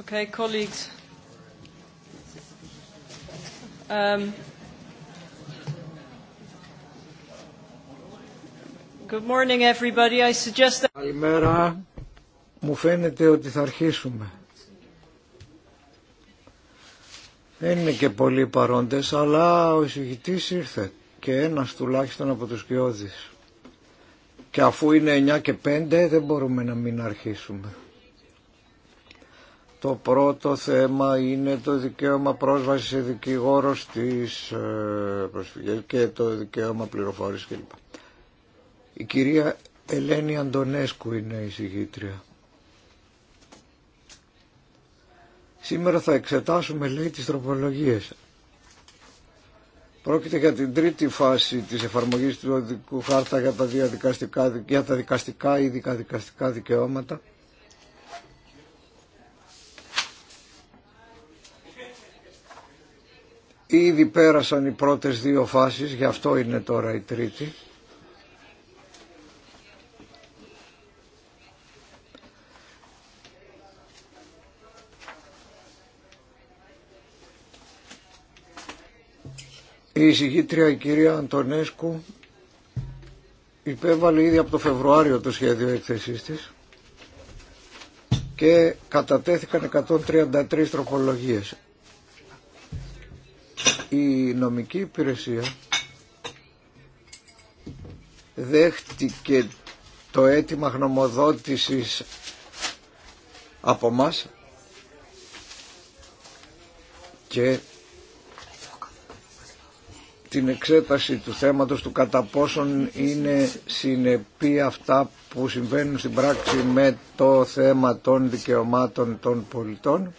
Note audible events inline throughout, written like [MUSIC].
Okay, colleagues. Um, good morning everybody. I suggest that... Καλημέρα. Μου φαίνεται ότι θα αρχίσουμε. Δεν είναι και πολλοί παρόντες, αλλά ο εισηγητής ήρθε και ένας τουλάχιστον από τους κοιόδης. Και αφού είναι 9 και 5 δεν μπορούμε να μην αρχίσουμε. Το πρώτο θέμα είναι το δικαίωμα πρόσβαση σε δικηγόρο της ε, προσφυγές και το δικαίωμα πληροφόρηση κλπ. Η κυρία Ελένη Αντωνέσκου είναι η συγγήτρια. Σήμερα θα εξετάσουμε λέει τις τροπολογίες. Πρόκειται για την τρίτη φάση της εφαρμογής του οδικού χάρτα για τα, δικαστικά ή δικαστικά δικαιώματα Ήδη πέρασαν οι πρώτες δύο φάσεις, γι' αυτό είναι τώρα η τρίτη. Η εισηγήτρια η κυρία Αντωνέσκου υπέβαλε ήδη από το Φεβρουάριο το σχέδιο έκθεσής της και κατατέθηκαν 133 τροπολογίες. Η νομική υπηρεσία δέχτηκε το αίτημα γνωμοδότησης από μας και την εξέταση του θέματος του κατά πόσον είναι συνεπή αυτά που συμβαίνουν στην πράξη με το θέμα των δικαιωμάτων των πολιτών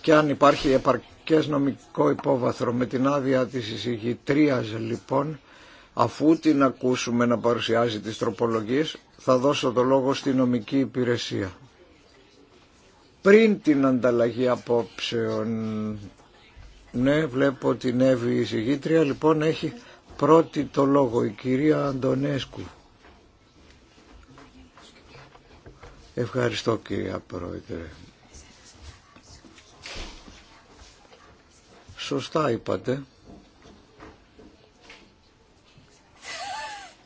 και αν υπάρχει επαρκή και νομικό υπόβαθρο. Με την άδεια της εισηγητρίας λοιπόν, αφού την ακούσουμε να παρουσιάζει τις τροπολογίες, θα δώσω το λόγο στη νομική υπηρεσία. Πριν την ανταλλαγή απόψεων, ναι βλέπω την Εύη η εισηγήτρια, λοιπόν έχει πρώτη το λόγο η κυρία Αντωνέσκου. Ευχαριστώ κυρία Πρόεδρε. Σωστά είπατε.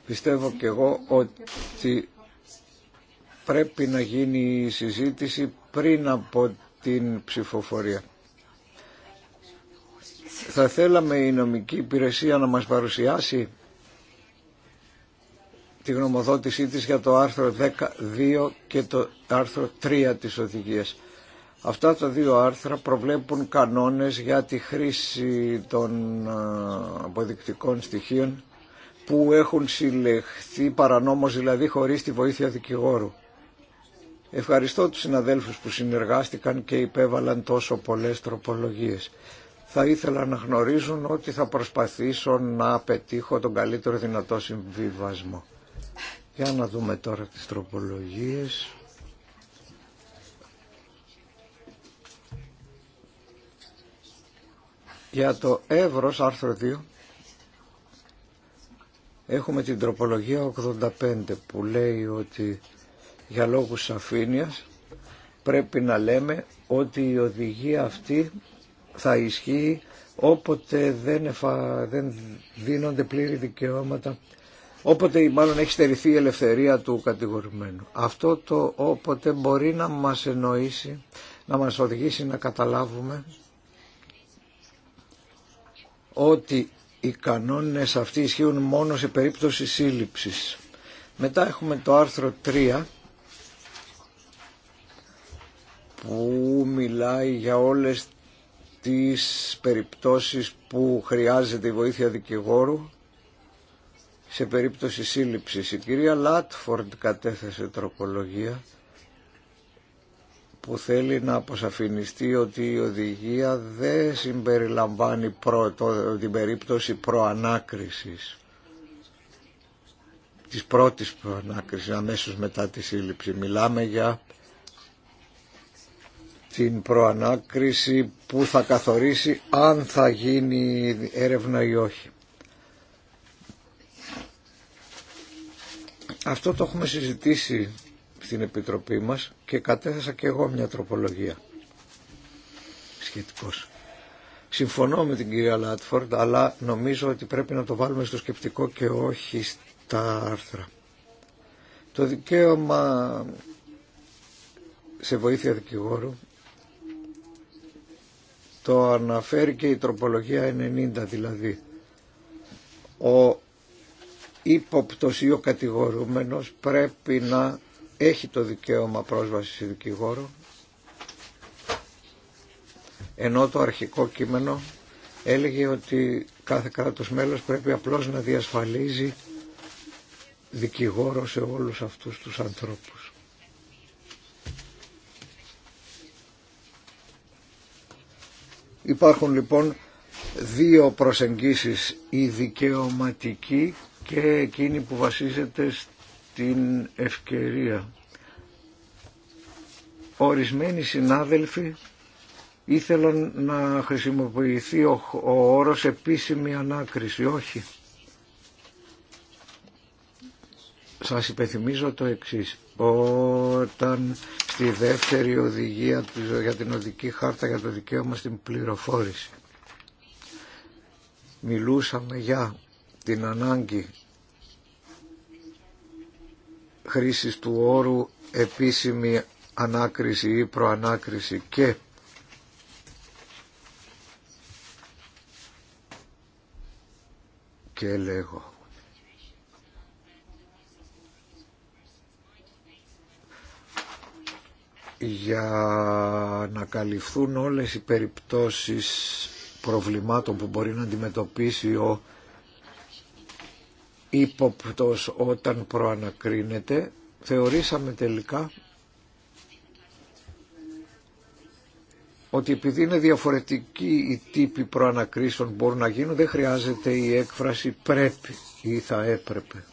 Πιστεύω και εγώ ότι πρέπει να γίνει η συζήτηση πριν από την ψηφοφορία. Θα θέλαμε η νομική υπηρεσία να μας παρουσιάσει τη γνωμοδότησή της για το άρθρο 12 και το άρθρο 3 της οδηγίας. Αυτά τα δύο άρθρα προβλέπουν κανόνες για τη χρήση των αποδεικτικών στοιχείων που έχουν συλλεχθεί παρανόμως δηλαδή χωρίς τη βοήθεια δικηγόρου. Ευχαριστώ τους συναδέλφους που συνεργάστηκαν και υπέβαλαν τόσο πολλές τροπολογίες. Θα ήθελα να γνωρίζουν ότι θα προσπαθήσω να πετύχω τον καλύτερο δυνατό συμβιβασμό. Για να δούμε τώρα τις τροπολογίες. Για το εύρος άρθρο 2 έχουμε την τροπολογία 85 που λέει ότι για λόγους σαφήνειας πρέπει να λέμε ότι η οδηγία αυτή θα ισχύει όποτε δεν, εφα... δεν δίνονται πλήρη δικαιώματα όποτε μάλλον έχει στερηθεί η ελευθερία του κατηγορημένου. Αυτό το όποτε μπορεί να μας εννοήσει, να μας οδηγήσει να καταλάβουμε ότι οι κανόνες αυτοί ισχύουν μόνο σε περίπτωση σύλληψης. Μετά έχουμε το άρθρο 3 που μιλάει για όλες τις περιπτώσεις που χρειάζεται η βοήθεια δικηγόρου σε περίπτωση σύλληψης. Η κυρία Λάτφορντ κατέθεσε τροπολογία που θέλει να αποσαφινιστεί ότι η οδηγία δεν συμπεριλαμβάνει προ, το, την περίπτωση προανάκρισης της πρώτης προανάκρισης αμέσως μετά τη σύλληψη. Μιλάμε για την προανάκριση που θα καθορίσει αν θα γίνει έρευνα ή όχι. Αυτό το έχουμε συζητήσει στην Επιτροπή μας και κατέθεσα και εγώ μια τροπολογία σχετικώς. Συμφωνώ με την κυρία Λάτφορντ, αλλά νομίζω ότι πρέπει να το βάλουμε στο σκεπτικό και όχι στα άρθρα. Το δικαίωμα σε βοήθεια δικηγόρου το αναφέρει και η τροπολογία 90 δηλαδή. Ο ύποπτος ή ο κατηγορούμενος πρέπει να έχει το δικαίωμα πρόσβαση σε δικηγόρο ενώ το αρχικό κείμενο έλεγε ότι κάθε κράτος μέλος πρέπει απλώς να διασφαλίζει δικηγόρο σε όλους αυτούς τους ανθρώπους. Υπάρχουν λοιπόν δύο προσεγγίσεις, η δικαιωματική και εκείνη που βασίζεται την ευκαιρία. Ορισμένοι συνάδελφοι ήθελαν να χρησιμοποιηθεί ο, ο όρος επίσημη ανάκριση. Όχι. Σας υπενθυμίζω το εξής. Όταν στη δεύτερη οδηγία για την οδική χάρτα για το δικαίωμα στην πληροφόρηση μιλούσαμε για την ανάγκη χρήσης του όρου επίσημη ανάκριση ή προανάκριση και και λέγω για να καλυφθούν όλες οι περιπτώσεις προβλημάτων που μπορεί να αντιμετωπίσει ο ύποπτος όταν προανακρίνεται θεωρήσαμε τελικά ότι επειδή είναι διαφορετικοί οι τύποι προανακρίσεων μπορούν να γίνουν δεν χρειάζεται η έκφραση πρέπει ή θα έπρεπε.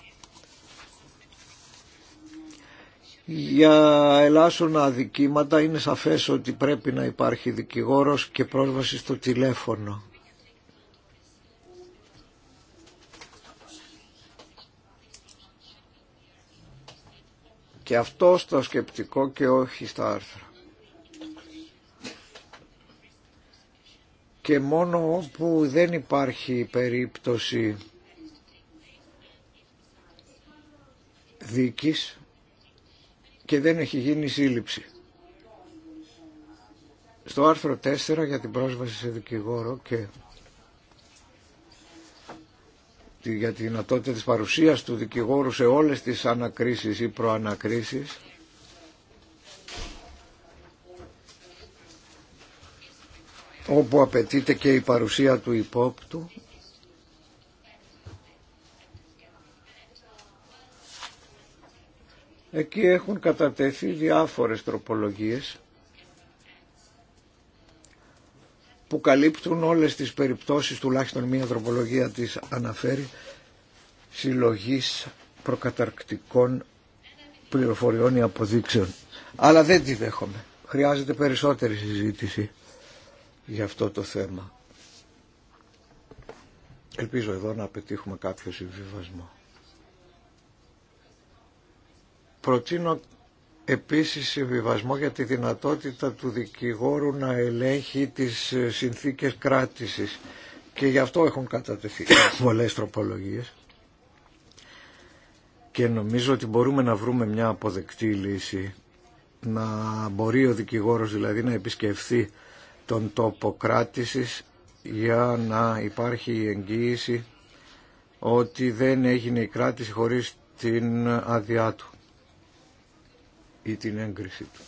Για ελάσσονα αδικήματα είναι σαφές ότι πρέπει να υπάρχει δικηγόρος και πρόσβαση στο τηλέφωνο. Και αυτό στο σκεπτικό και όχι στα άρθρα. Και μόνο όπου δεν υπάρχει περίπτωση δίκης και δεν έχει γίνει σύλληψη. Στο άρθρο 4 για την πρόσβαση σε δικηγόρο και για τη δυνατότητα της παρουσίας του δικηγόρου σε όλες τις ανακρίσεις ή προανακρίσεις. όπου απαιτείται και η παρουσία του υπόπτου Εκεί έχουν κατατεθεί διάφορες τροπολογίες που καλύπτουν όλες τις περιπτώσεις, τουλάχιστον μία τροπολογία της αναφέρει, συλλογής προκαταρκτικών πληροφοριών ή αποδείξεων. Αλλά δεν τη δέχομαι. Χρειάζεται περισσότερη συζήτηση για αυτό το θέμα. Ελπίζω εδώ να πετύχουμε κάποιο συμβιβασμό. Προτείνω επίσης συμβιβασμό για τη δυνατότητα του δικηγόρου να ελέγχει τις ε, συνθήκες κράτησης και γι' αυτό έχουν κατατεθεί [COUGHS] πολλές τροπολογίες και νομίζω ότι μπορούμε να βρούμε μια αποδεκτή λύση να μπορεί ο δικηγόρος δηλαδή να επισκεφθεί τον τόπο κράτησης για να υπάρχει η εγγύηση ότι δεν έγινε η κράτηση χωρίς την άδειά του ή την έγκρισή του.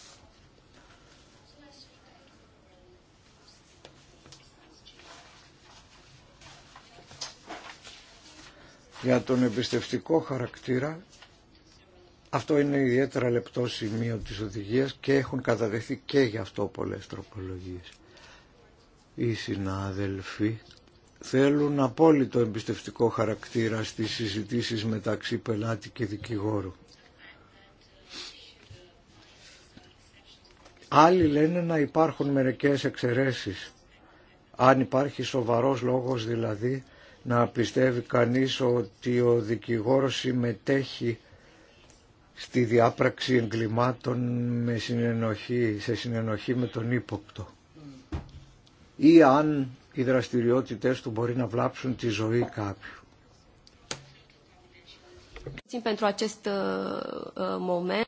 Για τον εμπιστευτικό χαρακτήρα αυτό είναι ιδιαίτερα λεπτό σημείο της οδηγίας και έχουν καταδεχθεί και γι' αυτό πολλές τροπολογίες. Οι συνάδελφοι θέλουν απόλυτο εμπιστευτικό χαρακτήρα στις συζητήσεις μεταξύ πελάτη και δικηγόρου. Άλλοι λένε να υπάρχουν μερικές εξαιρέσεις. Αν υπάρχει σοβαρός λόγος δηλαδή να πιστεύει κανείς ότι ο δικηγόρος συμμετέχει στη διάπραξη εγκλημάτων με συνενοχή, σε συνενοχή με τον ύποπτο ή αν οι δραστηριότητες του μπορεί να βλάψουν τη ζωή κάποιου. moment.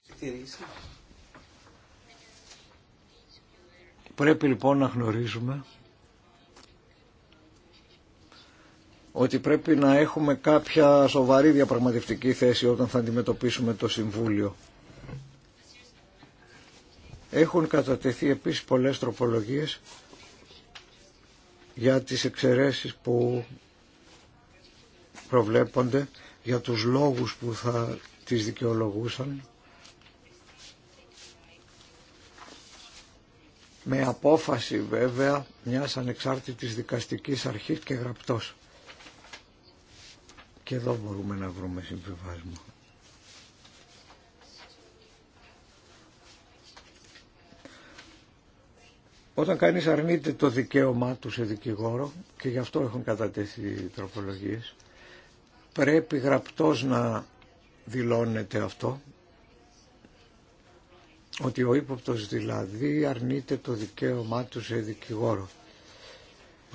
Πρέπει λοιπόν να γνωρίζουμε ότι πρέπει να έχουμε κάποια σοβαρή διαπραγματευτική θέση όταν θα αντιμετωπίσουμε το Συμβούλιο. Έχουν κατατεθεί επίσης πολλές τροπολογίες για τις εξαιρέσεις που προβλέπονται, για τους λόγους που θα τις δικαιολογούσαν με απόφαση βέβαια μιας ανεξάρτητης δικαστικής αρχής και γραπτός. Και εδώ μπορούμε να βρούμε συμβιβάσμα. Όταν κανείς αρνείται το δικαίωμά του σε δικηγόρο, και γι' αυτό έχουν κατατεθεί οι τροπολογίες, πρέπει γραπτός να δηλώνεται αυτό ότι ο ύποπτος δηλαδή αρνείται το δικαίωμά του σε δικηγόρο,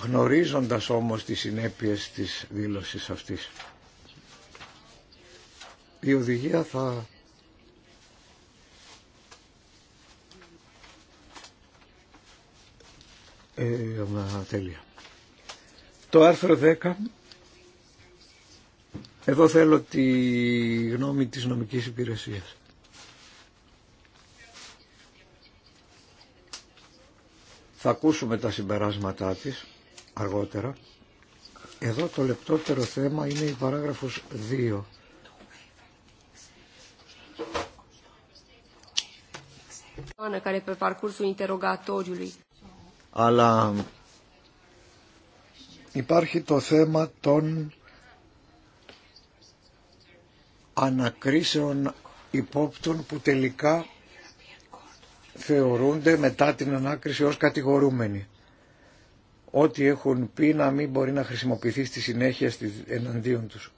γνωρίζοντας όμως τις συνέπειες της δήλωσης αυτής. Η οδηγία θα Ε, τέλεια. Το άρθρο 10. Εδώ θέλω τη γνώμη της νομικής υπηρεσίας. Θα ακούσουμε τα συμπεράσματά της αργότερα. Εδώ το λεπτότερο θέμα είναι η παράγραφος 2. Αλλά υπάρχει το θέμα των ανακρίσεων υπόπτων που τελικά θεωρούνται μετά την ανάκριση ως κατηγορούμενοι. Ό,τι έχουν πει να μην μπορεί να χρησιμοποιηθεί στη συνέχεια εναντίον τους.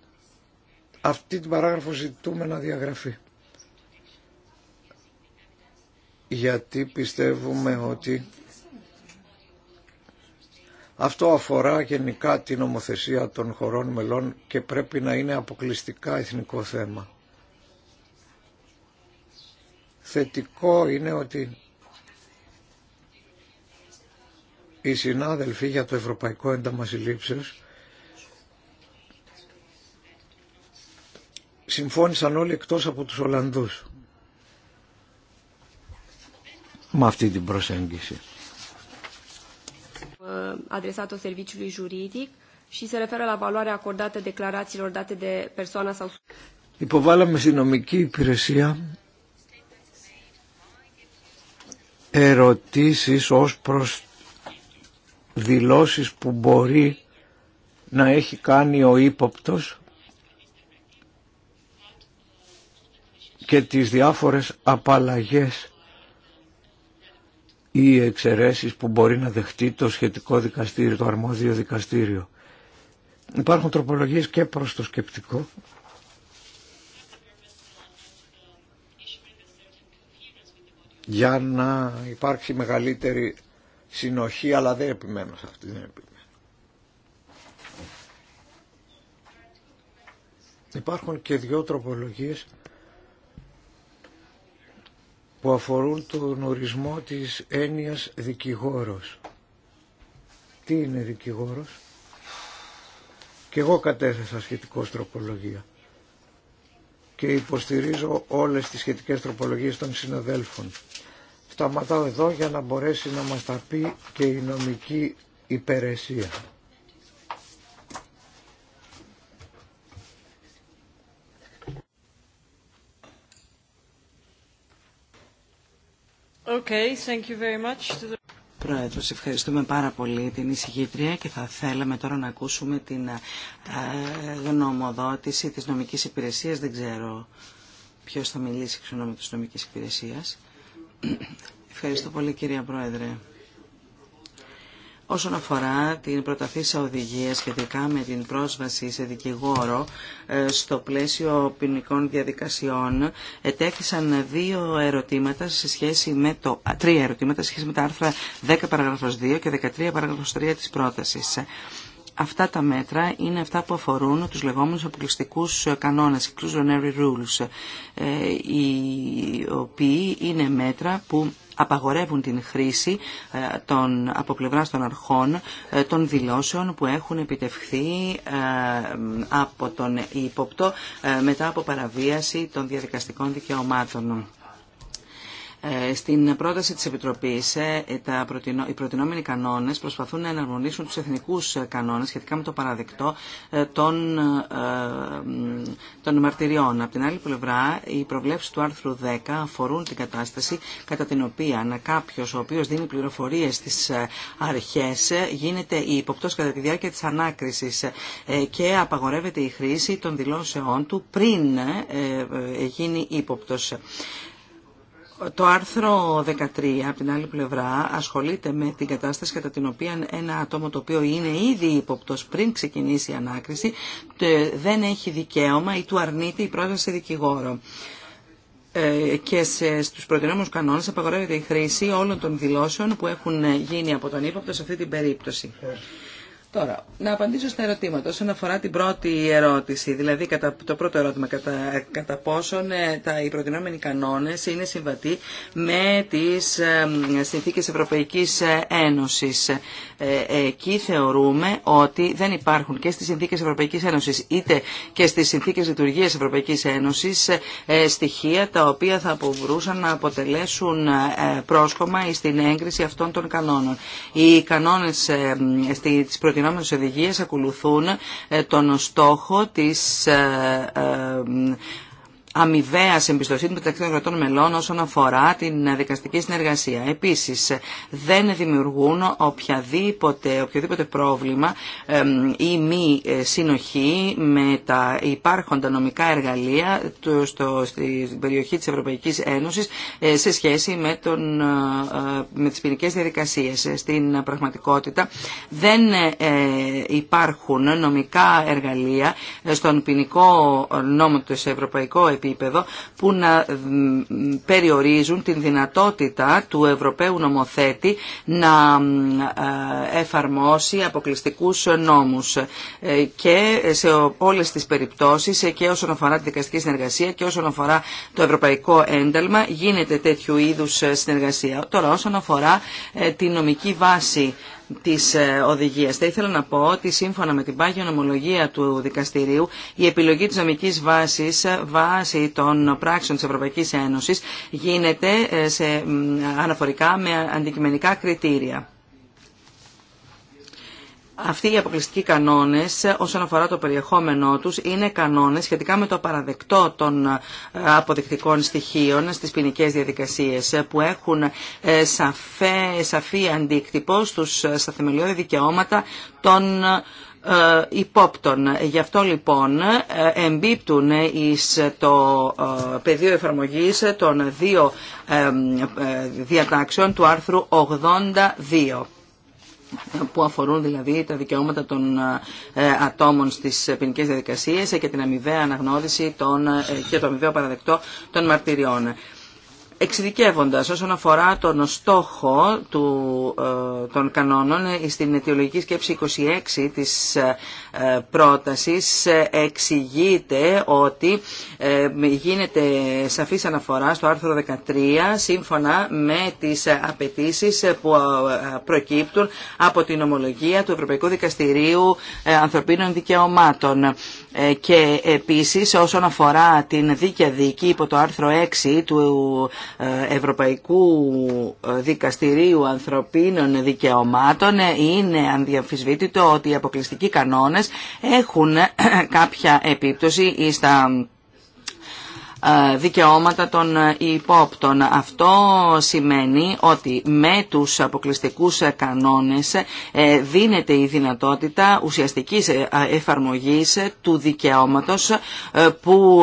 Αυτή την παράγραφο ζητούμε να διαγραφεί. Γιατί πιστεύουμε ότι αυτό αφορά γενικά την ομοθεσία των χωρών μελών και πρέπει να είναι αποκλειστικά εθνικό θέμα θετικό είναι ότι οι συνάδελφοι για το Ευρωπαϊκό Ένταμα Συλλήψεως συμφώνησαν όλοι εκτός από τους Ολλανδούς με αυτή την προσέγγιση. Ε, serviciului Υποβάλαμε στην νομική υπηρεσία ερωτήσεις ως προς δηλώσεις που μπορεί να έχει κάνει ο ύποπτος και τις διάφορες απαλλαγές ή εξαιρέσεις που μπορεί να δεχτεί το σχετικό δικαστήριο, το αρμόδιο δικαστήριο. Υπάρχουν τροπολογίες και προς το σκεπτικό για να υπάρξει μεγαλύτερη συνοχή, αλλά δεν επιμένω σε αυτή, την επιμένω. Υπάρχουν και δύο τροπολογίες που αφορούν τον ορισμό της έννοιας δικηγόρος. Τι είναι δικηγόρος? Και εγώ κατέθεσα σχετικό τροπολογία και υποστηρίζω όλες τις σχετικές τροπολογίες των συναδέλφων σταματάω εδώ για να μπορέσει να μας τα πει και η νομική υπηρεσία. Okay, thank you very much. Πρόεδρος, ευχαριστούμε πάρα πολύ την εισηγήτρια και θα θέλαμε τώρα να ακούσουμε την ε, γνωμοδότηση της νομικής υπηρεσίας. Δεν ξέρω ποιος θα μιλήσει εξ της νομικής υπηρεσίας. Ευχαριστώ πολύ κυρία Πρόεδρε. Όσον αφορά την προταθήσα οδηγία σχετικά με την πρόσβαση σε δικηγόρο ε, στο πλαίσιο ποινικών διαδικασιών, ετέθησαν δύο ερωτήματα σε σχέση με το, τρία ερωτήματα σε σχέση με τα άρθρα 10 παραγράφος 2 και 13 παραγράφος 3 της πρότασης. Αυτά τα μέτρα είναι αυτά που αφορούν τους λεγόμενους αποκλειστικούς κανόνες, exclusionary rules, ε, οι οποίοι είναι μέτρα που απαγορεύουν την χρήση ε, των, από πλευρά των αρχών ε, των δηλώσεων που έχουν επιτευχθεί από τον υποπτό μετά από παραβίαση των διαδικαστικών δικαιωμάτων. Ε, στην πρόταση της Επιτροπής, ε, τα οι προτινόμενοι κανόνες προσπαθούν να εναρμονίσουν τους εθνικούς ε, κανόνες σχετικά με το παραδεκτό των, των μαρτυριών. Από την άλλη πλευρά, οι προβλέψεις του άρθρου 10 αφορούν την κατάσταση κατά την οποία κάποιος ο οποίος δίνει πληροφορίες στις αρχές γίνεται υποπτός κατά τη διάρκεια της ανάκρισης και απαγορεύεται η χρήση των δηλώσεών του πριν γίνει ύποπτος. Το άρθρο 13, από την άλλη πλευρά, ασχολείται με την κατάσταση κατά την οποία ένα άτομο το οποίο είναι ήδη ύποπτος πριν ξεκινήσει η ανάκριση δεν έχει δικαίωμα ή του αρνείται η πρόσβαση δικηγόρο ε, και σε, στους κανόνε κανόνες απαγορεύεται η χρήση όλων των δηλώσεων που έχουν γίνει από τον ύποπτο σε αυτή την περίπτωση. Τώρα, να απαντήσω στα ερωτήματα όσον αφορά την πρώτη ερώτηση, δηλαδή κατά, το πρώτο ερώτημα, κατά, κατά πόσον ε, τα, οι προτινόμενοι κανόνες είναι συμβατοί με τις ε, συνθήκες Ευρωπαϊκής ε, Ένωσης. Ε, εκεί θεωρούμε ότι δεν υπάρχουν και στις συνθήκες Ευρωπαϊκής Ένωσης είτε και στις συνθήκες λειτουργίας Ευρωπαϊκής Ένωσης ε, ε στοιχεία τα οποία θα αποβρούσαν να αποτελέσουν πρόσκομα στην έγκριση αυτών των κανόνων. Οι κανόνες ε, στις προτινόμενες οδηγίες ακολουθούν ε, τον στόχο της ε, ε, αμοιβαία εμπιστοσύνη μεταξύ των κρατών μελών όσον αφορά την δικαστική συνεργασία. Επίσης, δεν δημιουργούν οποιαδήποτε, οποιοδήποτε πρόβλημα ή μη ε, συνοχή με τα υπάρχοντα νομικά εργαλεία στο, στην περιοχή της Ευρωπαϊκής Ένωσης ε, σε σχέση με, τον, ε, με τις ποινικές διαδικασίες. Στην πραγματικότητα δεν υπάρχουν νομικά εργαλεία στον ποινικό νόμο του Ευρωπαϊκού επίπεδο που να περιορίζουν την δυνατότητα του Ευρωπαίου νομοθέτη να ε, εφαρμόσει αποκλειστικούς νόμους ε, και σε όλες τις περιπτώσεις ε, και όσον αφορά τη δικαστική συνεργασία και όσον αφορά το ευρωπαϊκό ένταλμα γίνεται τέτοιου είδους συνεργασία. Τώρα όσον αφορά τη νομική βάση της ε, οδηγίας. Θα ήθελα να πω ότι σύμφωνα με την πάγια νομολογία του δικαστηρίου η επιλογή της νομικής βάσης ε, βάση των πράξεων της Ευρωπαϊκής Ένωσης γίνεται ε, σε, αναφορικά με αντικειμενικά κριτήρια. Αυτοί οι αποκλειστικοί κανόνες ε, όσον αφορά το περιεχόμενό τους είναι κανόνες σχετικά με το παραδεκτό των ε, αποδεικτικών στοιχείων στις ποινικέ διαδικασίες ε, που έχουν σαφέ, σαφή αντίκτυπο στους, στα θεμελιώδη δικαιώματα των υπόπτων. Γι' αυτό λοιπόν εμπίπτουν εις το πεδίο εφαρμογής των δύο διατάξεων του άρθρου 82 που αφορούν δηλαδή τα δικαιώματα των ε, ατόμων στις ποινικέ διαδικασίες και την αμοιβαία αναγνώριση των, ε, και το αμοιβαίο παραδεκτό των μαρτυριών εξειδικεύοντας όσον αφορά τον στόχο του, ε, των κανόνων ε, στην αιτιολογική σκέψη 26 της ε, πρότασης εξηγείται ότι γίνεται σαφής αναφορά στο άρθρο 13 σύμφωνα με τις απαιτήσει που προκύπτουν από την ομολογία του Ευρωπαϊκού Δικαστηρίου Ανθρωπίνων Δικαιωμάτων και επίσης όσον αφορά την δίκαια δίκη υπό το άρθρο 6 του ε, Ευρωπαϊκού ε, Δικαστηρίου Ανθρωπίνων Δικαιωμάτων ε, είναι ανδιαμφισβήτητο ότι οι αποκλειστικοί κανόνες έχουν κάποια επίπτωση στα ε, δικαιώματα των ε, υπόπτων. Αυτό σημαίνει ότι με τους αποκλειστικούς ε, κανόνες δίνεται η δυνατότητα ουσιαστικής εφαρμογής του δικαιώματος που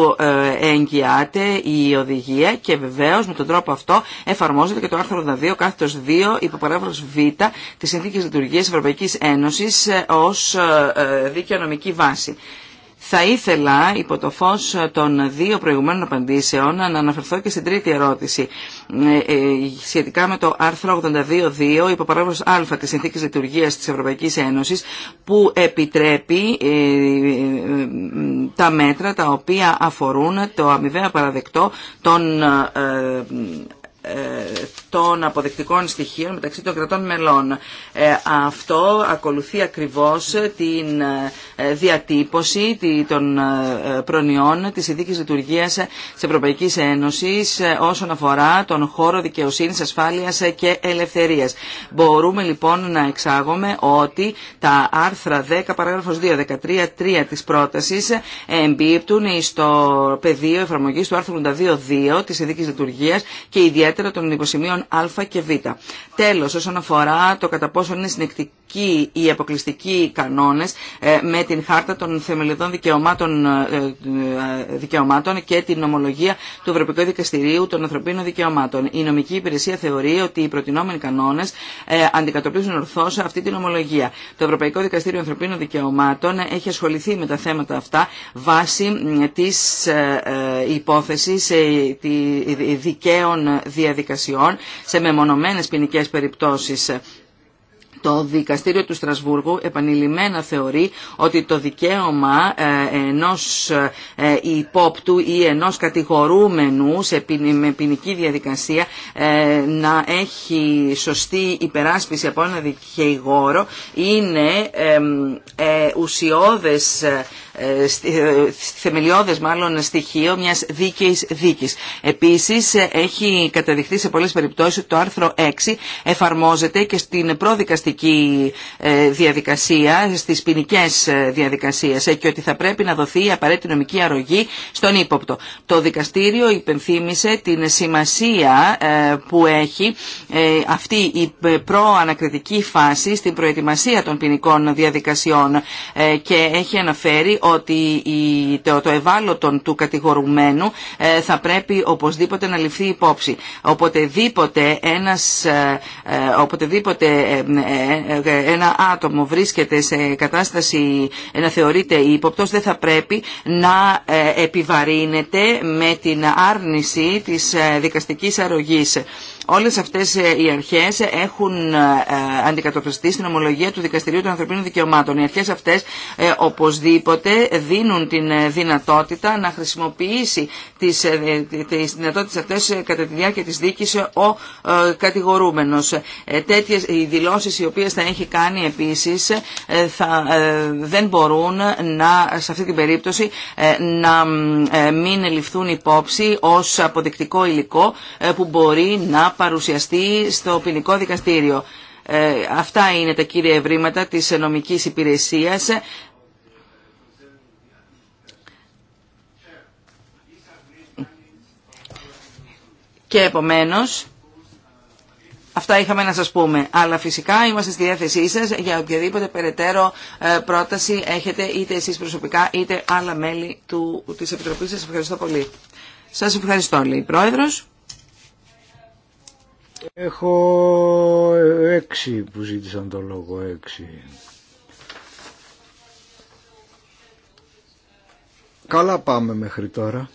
εγγυάται η οδηγία και βεβαίως με τον τρόπο αυτό εφαρμόζεται και το άρθρο 82 κάθετος 2 υποπαράγραφος Β της Συνθήκης Λειτουργίας Ευρωπαϊκής Ένωσης ως δικαιονομική βάση. Θα ήθελα υπό το φως των δύο προηγουμένων απαντήσεων να αναφερθώ και στην τρίτη ερώτηση ε, ε, σχετικά με το άρθρο 82.2 υπό παράγραφος α της Συνθήκης Λειτουργίας της Ευρωπαϊκής Ένωσης που επιτρέπει ε, τα μέτρα τα οποία αφορούν το αμοιβαία παραδεκτό των των αποδεκτικών στοιχείων μεταξύ των κρατών μελών. Ε, αυτό ακολουθεί ακριβώς την ε, διατύπωση των ε, προνοιών της ειδικής λειτουργίας της Ευρωπαϊκής Ένωσης όσον αφορά τον χώρο δικαιοσύνης, ασφάλειας και ελευθερίας. Μπορούμε λοιπόν να εξάγουμε ότι τα άρθρα 10 παράγραφος 2, 13, 3 της πρότασης εμπίπτουν στο πεδίο εφαρμογής του άρθρου 92.2 της ειδικής λειτουργίας και ιδιαίτερα ιδιαίτερα των λιποσημείων α και β. Τέλος, όσον αφορά το κατά πόσο είναι συνεκτική αποκλειστικοί, οι αποκλειστικοί κανόνες ε, με την χάρτα των θεμελιωδών δικαιωμάτων, ε, ε, δικαιωμάτων και την ομολογία του Ευρωπαϊκού Δικαστηρίου των Ανθρωπίνων Δικαιωμάτων. Η νομική υπηρεσία θεωρεί ότι οι προτινόμενοι κανόνες αντικατοπίζουν ορθώς αυτή την ομολογία. Το Ευρωπαϊκό Δικαστήριο Ανθρωπίνων Δικαιωμάτων έχει ασχοληθεί με τα θέματα αυτά βάσει της υπόθεσης δικαίων διαδικασιών σε μεμονωμένες ποινικέ περιπτώσεις το Δικαστήριο του Στρασβούργου επανειλημμένα θεωρεί ότι το δικαίωμα ε, ενός ε, υπόπτου ή ενός κατηγορούμενου σε, με ποινική διαδικασία ε, να έχει σωστή υπεράσπιση από ένα δικηγόρο είναι ουσιώδες ε, ε, θεμελιώδες μάλλον στοιχείο μιας δίκαιης δίκης. Επίσης ε, έχει καταδειχθεί σε πολλές περιπτώσεις ότι το άρθρο 6 εφαρμόζεται και στην προδικαστική διαδικασία, στις ποινικέ διαδικασίες και ότι θα πρέπει να δοθεί η απαραίτητη νομική αρρωγή στον ύποπτο. Το δικαστήριο υπενθύμησε την σημασία που έχει αυτή η προανακριτική φάση στην προετοιμασία των ποινικών διαδικασιών και έχει αναφέρει ότι το ευάλωτον του κατηγορουμένου ε, θα πρέπει οπωσδήποτε να ληφθεί υπόψη. Οποτεδήποτε, ένας, ε, ε, οποτεδήποτε ένα άτομο βρίσκεται σε κατάσταση να θεωρείται ύποπτος δεν θα πρέπει να επιβαρύνεται με την άρνηση της δικαστικής αρρωγής. Όλες αυτές ε, οι αρχές έχουν ε, ε, αντικατοπιστεί στην ομολογία του Δικαστηρίου των Ανθρωπίνων Δικαιωμάτων. Οι αρχές αυτές οπωσδήποτε δίνουν την δυνατότητα να χρησιμοποιήσει τις, τις δυνατότητες αυτές κατά τη διάρκεια της δίκης ο κατηγορούμενος. Τέτοιες οι δηλώσεις οι οποίες θα έχει κάνει επίσης θα, δεν μπορούν να, σε αυτή την περίπτωση να μην ληφθούν υπόψη ως αποδεικτικό υλικό που μπορεί να παρουσιαστεί στο ποινικό δικαστήριο. Ε, αυτά είναι τα κύρια ευρήματα της νομικής υπηρεσίας. Και επομένως, αυτά είχαμε να σας πούμε. Αλλά φυσικά είμαστε στη διάθεσή σας για οποιαδήποτε περαιτέρω ε, πρόταση έχετε είτε εσείς προσωπικά είτε άλλα μέλη του, της Επιτροπής σας. Ευχαριστώ πολύ. Σας ευχαριστώ, λέει η Πρόεδρος. Έχω έξι που ζήτησαν το λόγο, έξι. Καλά πάμε μέχρι τώρα.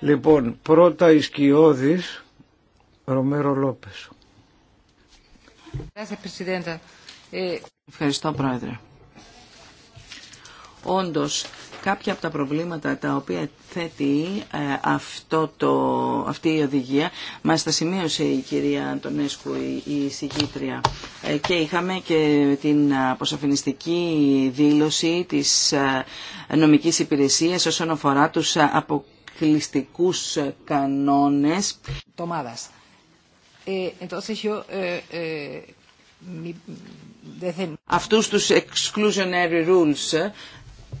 Λοιπόν, πρώτα η Σκιώδης, Ρομέρο Λόπες. Ε, Ευχαριστώ, Πρόεδρε. Όντως, κάποια από τα προβλήματα τα οποία θέτει ε, αυτό το, αυτή η οδηγία μας τα σημείωσε η κυρία Αντωνέσκου, η συγκήτρια. Ε, και είχαμε και την αποσαφινιστική δήλωση της ε, νομικής υπηρεσίας όσον αφορά τους αποκλειστικούς κανόνες. Τομάδας. Αυτούς τους exclusionary rules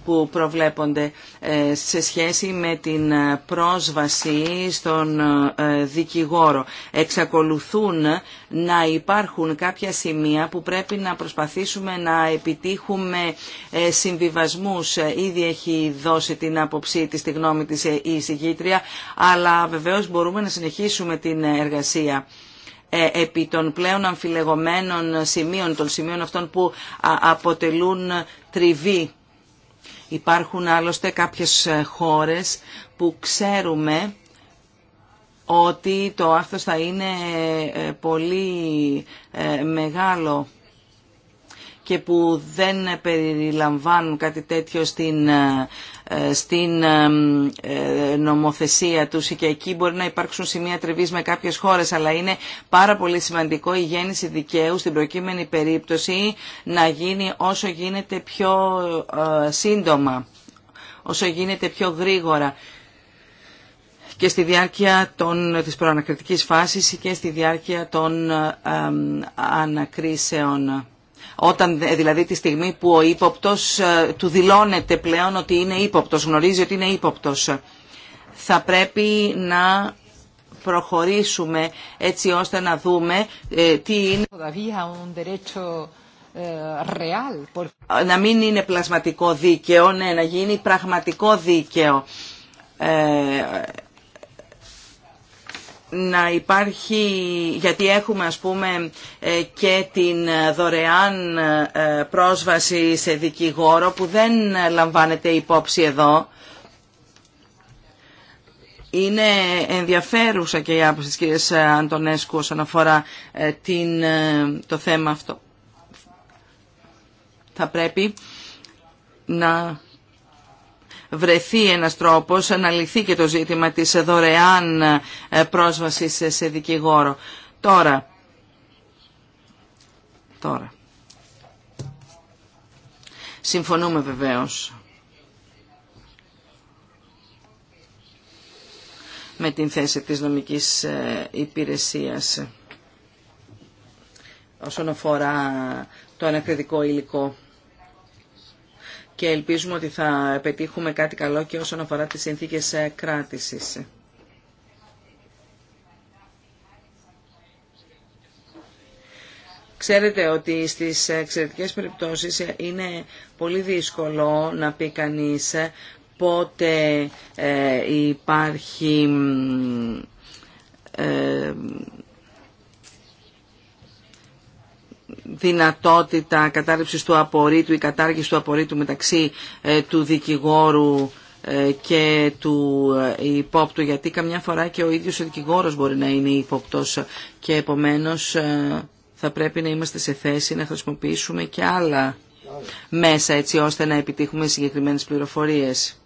που προβλέπονται ε, σε σχέση με την ε, πρόσβαση στον ε, δικηγόρο. Εξακολουθούν να υπάρχουν κάποια σημεία που πρέπει να προσπαθήσουμε να επιτύχουμε συμβιβασμούς. Ήδη έχει δώσει την άποψή της, τη γνώμη της η συγκήτρια, αλλά βεβαίως μπορούμε να συνεχίσουμε την εργασία επί των πλέον αμφιλεγωμένων σημείων, των σημείων αυτών που αποτελούν τριβή Υπάρχουν άλλωστε κάποιες ε, χώρες που ξέρουμε ότι το άρθρο θα είναι ε, πολύ ε, μεγάλο και που δεν περιλαμβάνουν κάτι τέτοιο στην ε, στην ε, νομοθεσία του και εκεί μπορεί να υπάρξουν σημεία τριβής με κάποιες χώρες αλλά είναι πάρα πολύ σημαντικό η γέννηση δικαίου στην προκείμενη περίπτωση να γίνει όσο γίνεται πιο ε, σύντομα, όσο γίνεται πιο γρήγορα και στη διάρκεια των, της προανακριτικής φάσης και στη διάρκεια των ανακρίσεων. Όταν ε, δηλαδή τη στιγμή που ο ύποπτος ε, του δηλώνεται πλέον ότι είναι ύποπτος, γνωρίζει ότι είναι ύποπτος. Θα πρέπει να προχωρήσουμε έτσι ώστε να δούμε ε, τι είναι να μην είναι πλασματικό δίκαιο, ναι, να γίνει πραγματικό δίκαιο να υπάρχει, γιατί έχουμε ας πούμε ε, και την ε, δωρεάν ε, πρόσβαση σε δικηγόρο που δεν λαμβάνεται υπόψη εδώ. Είναι ενδιαφέρουσα και η άποψη της κυρίας Αντωνέσκου όσον αφορά την, το θέμα αυτό. Θα πρέπει να βρεθεί ένας τρόπος να λυθεί και το ζήτημα της δωρεάν ε, πρόσβασης σε δικηγόρο. Τώρα, τώρα. Συμφωνούμε βεβαίως με την θέση της νομικής ε, υπηρεσίας όσον αφορά το ανακριτικό υλικό και ελπίζουμε ότι θα πετύχουμε κάτι καλό και όσον αφορά τις συνθήκες ε, κράτησης. Ξέρετε ότι στις εξαιρετικές περιπτώσεις ε, είναι πολύ δύσκολο να πει κανείς ε, πότε υπάρχει δυνατότητα κατάρρευσης του απορρίτου ή κατάργηση του απορρίτου μεταξύ ε, του δικηγόρου ε, και του ε, υπόπτου, γιατί καμιά φορά και ο ίδιος ο δικηγόρος μπορεί να είναι υπόπτος και επομένως θα πρέπει να είμαστε σε θέση να χρησιμοποιήσουμε και άλλα μέσα έτσι ώστε να επιτύχουμε συγκεκριμένες πληροφορίες.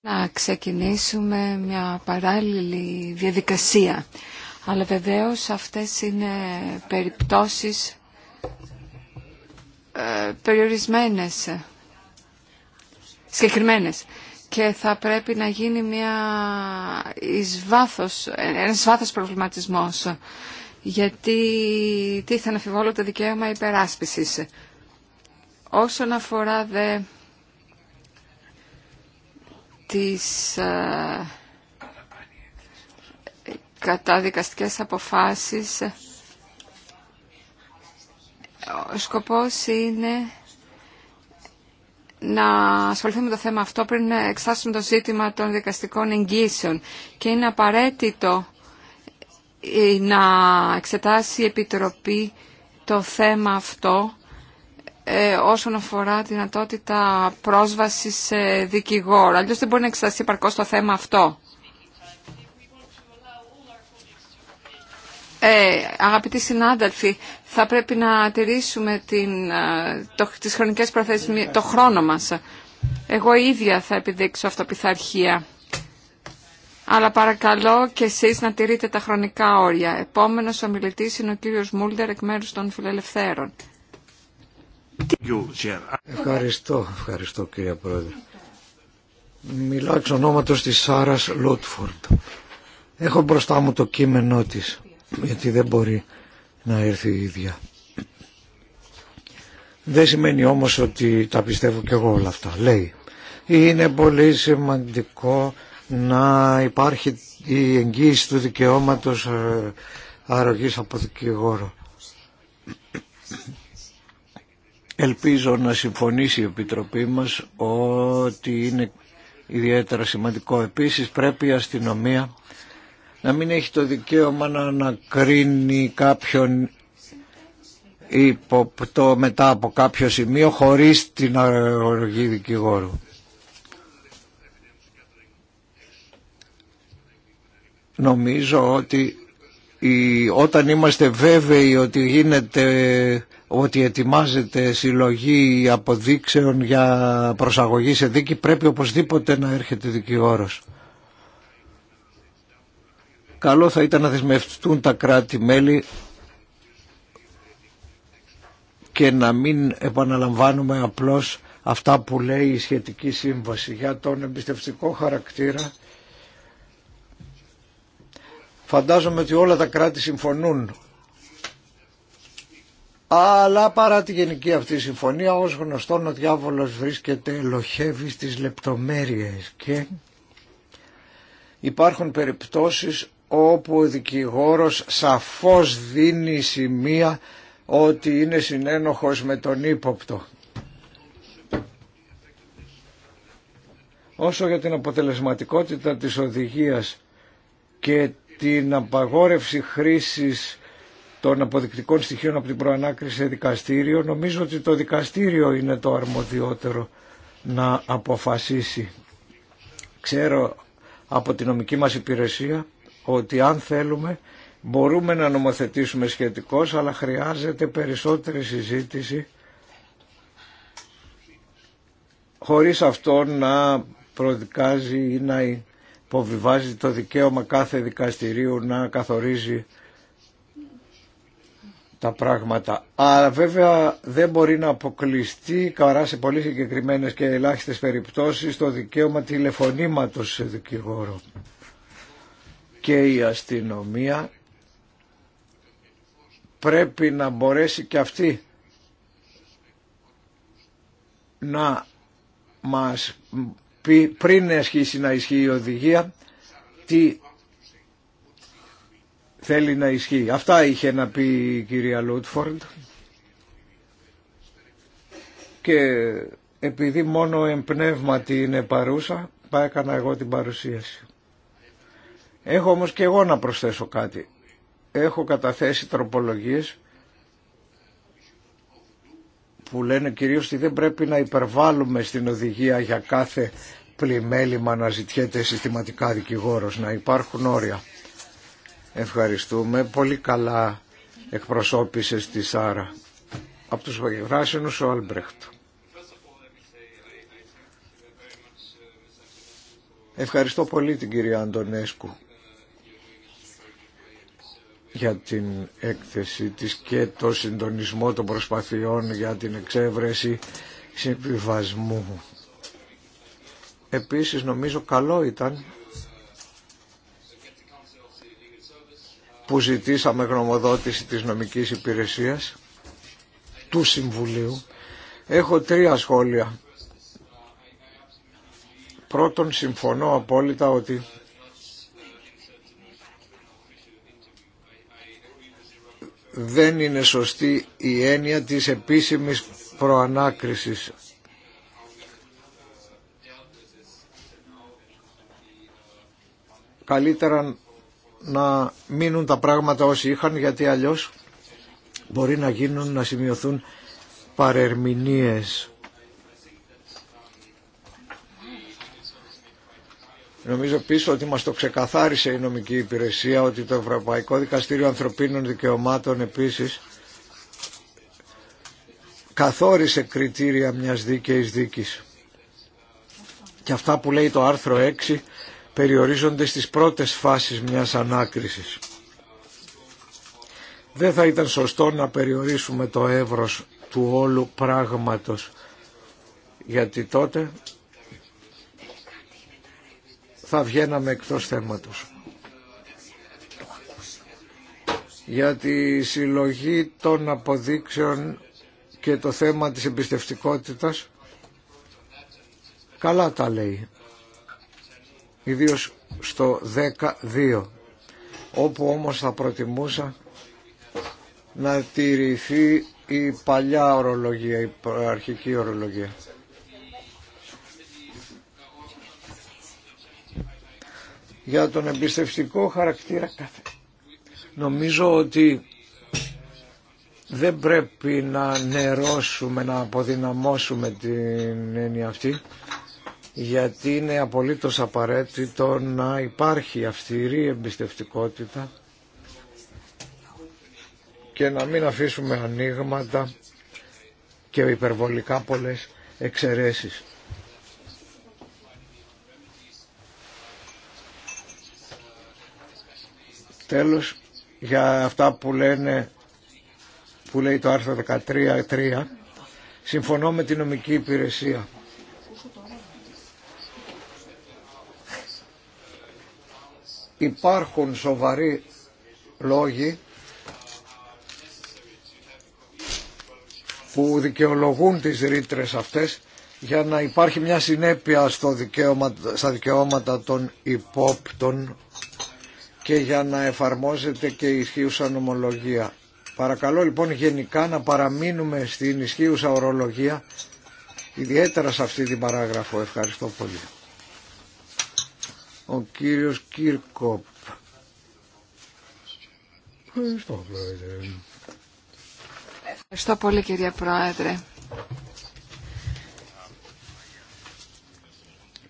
Να ξεκινήσουμε μια παράλληλη διαδικασία. Αλλά βεβαίως αυτές είναι περιπτώσεις ε, περιορισμένες, ε, συγκεκριμένες και θα πρέπει να γίνει μια εις ε, ένας βάθος προβληματισμός γιατί τι θα αναφιβόλω το δικαίωμα υπεράσπισης. Όσον αφορά δε τις καταδικαστικές αποφάσεις ο σκοπός είναι να ασχοληθούμε με το θέμα αυτό πριν εξάσουμε το ζήτημα των δικαστικών εγγύσεων και είναι απαραίτητο ε, να εξετάσει η Επιτροπή το θέμα αυτό ε, όσον αφορά τη δυνατότητα πρόσβασης σε δικηγόρο. Αλλιώς δεν μπορεί να εξεταστεί παρκώς το θέμα αυτό. Ε, αγαπητοί συνάδελφοι, θα πρέπει να τηρήσουμε την, ε, το, τις χρονικές προθέσεις, το χρόνο μας. Εγώ ίδια θα επιδείξω αυτοπιθαρχία. Αλλά παρακαλώ και εσείς να τηρείτε τα χρονικά όρια. Επόμενος ομιλητής είναι ο κύριος Μούλτερ εκ μέρους των Φιλελευθέρων. Ευχαριστώ, ευχαριστώ κύριε Πρόεδρε. Μιλάω εξ ονόματος της Σάρας Λούτφορντ. Έχω μπροστά μου το κείμενό της γιατί δεν μπορεί να έρθει η ίδια. Δεν σημαίνει όμως ότι τα πιστεύω κι εγώ όλα αυτά. Λέει, είναι πολύ σημαντικό να υπάρχει η εγγύηση του δικαιώματος ε, αρρωγής από δικηγόρο. Ελπίζω να συμφωνήσει η Επιτροπή μας ότι είναι ιδιαίτερα σημαντικό. Επίσης πρέπει η αστυνομία να μην έχει το δικαίωμα να ανακρίνει κάποιον υποπτώ μετά από κάποιο σημείο χωρίς την αρρωγή δικηγόρου. Νομίζω ότι η, όταν είμαστε βέβαιοι ότι γίνεται ότι ετοιμάζεται συλλογή αποδείξεων για προσαγωγή σε δίκη πρέπει οπωσδήποτε να έρχεται δικηγόρος. Καλό θα ήταν να δεσμευτούν τα κράτη-μέλη και να μην επαναλαμβάνουμε απλώς αυτά που λέει η σχετική σύμβαση για τον εμπιστευτικό χαρακτήρα. Φαντάζομαι ότι όλα τα κράτη συμφωνούν. Αλλά παρά τη γενική αυτή συμφωνία, ως γνωστόν ο διάβολος βρίσκεται ελοχεύει στις λεπτομέρειες και υπάρχουν περιπτώσεις όπου ο δικηγόρος σαφώς δίνει σημεία ότι είναι συνένοχος με τον ύποπτο. Όσο για την αποτελεσματικότητα της οδηγίας και την απαγόρευση χρήσης των αποδεικτικών στοιχείων από την προανάκριση σε δικαστήριο, νομίζω ότι το δικαστήριο είναι το αρμοδιότερο να αποφασίσει. Ξέρω από την νομική μας υπηρεσία ότι αν θέλουμε μπορούμε να νομοθετήσουμε σχετικώς αλλά χρειάζεται περισσότερη συζήτηση χωρίς αυτό να προδικάζει ή να υποβιβάζει το δικαίωμα κάθε δικαστηρίου να καθορίζει τα πράγματα. Αλλά βέβαια δεν μπορεί να αποκλειστεί καρά σε πολύ συγκεκριμένες και ελάχιστες περιπτώσεις το δικαίωμα τηλεφωνήματος σε δικηγόρο και η αστυνομία πρέπει να μπορέσει και αυτή να μας πει πριν ασχίσει να ισχύει η οδηγία τι θέλει να ισχύει. Αυτά είχε να πει η κυρία Λούτφορντ και επειδή μόνο εμπνεύματι είναι παρούσα, πάει έκανα εγώ την παρουσίαση. Έχω όμως και εγώ να προσθέσω κάτι. Έχω καταθέσει τροπολογίες που λένε κυρίως ότι δεν πρέπει να υπερβάλλουμε στην οδηγία για κάθε πλημέλημα να ζητιέται συστηματικά δικηγόρος, να υπάρχουν όρια. Ευχαριστούμε. Πολύ καλά εκπροσώπησες τη Σάρα. Από τους Βαγευράσινους ο Αλμπρέχτ. Ευχαριστώ πολύ την κυρία Αντωνέσκου για την έκθεση της και το συντονισμό των προσπαθειών για την εξέβρεση συμβιβασμού. Επίσης νομίζω καλό ήταν που ζητήσαμε γνωμοδότηση της νομικής υπηρεσίας του Συμβουλίου. Έχω τρία σχόλια. Πρώτον, συμφωνώ απόλυτα ότι δεν είναι σωστή η έννοια της επίσημης προανάκρισης. Καλύτερα να μείνουν τα πράγματα όσοι είχαν γιατί αλλιώς μπορεί να γίνουν να σημειωθούν παρερμηνίες. Νομίζω πίσω ότι μας το ξεκαθάρισε η νομική υπηρεσία ότι το Ευρωπαϊκό Δικαστήριο Ανθρωπίνων Δικαιωμάτων επίσης καθόρισε κριτήρια μιας δίκαιης δίκης. Και αυτά που λέει το άρθρο 6 περιορίζονται στις πρώτες φάσεις μιας ανάκρισης. Δεν θα ήταν σωστό να περιορίσουμε το εύρος του όλου πράγματος, γιατί τότε θα βγαίναμε εκτός θέματος. Για τη συλλογή των αποδείξεων και το θέμα της εμπιστευτικότητας, καλά τα λέει, ιδίως στο 12, όπου όμως θα προτιμούσα να τηρηθεί η παλιά ορολογία, η αρχική ορολογία. για τον εμπιστευτικό χαρακτήρα κάθε. Νομίζω ότι δεν πρέπει να νερώσουμε, να αποδυναμώσουμε την έννοια αυτή γιατί είναι απολύτως απαραίτητο να υπάρχει αυστηρή εμπιστευτικότητα και να μην αφήσουμε ανοίγματα και υπερβολικά πολλές εξαιρέσεις. Τέλος, για αυτά που, λένε, που λέει το άρθρο 13.3, συμφωνώ με την νομική υπηρεσία. Υπάρχουν σοβαροί λόγοι που δικαιολογούν τις ρήτρε αυτές για να υπάρχει μια συνέπεια στο δικαίωμα, στα δικαιώματα των υπόπτων και για να εφαρμόζεται και η ισχύουσα νομολογία. Παρακαλώ λοιπόν γενικά να παραμείνουμε στην ισχύουσα ορολογία, ιδιαίτερα σε αυτή την παράγραφο. Ευχαριστώ πολύ. Ο κύριος Κύρκοπ. Ευχαριστώ, πολύ κυρία Πρόεδρε.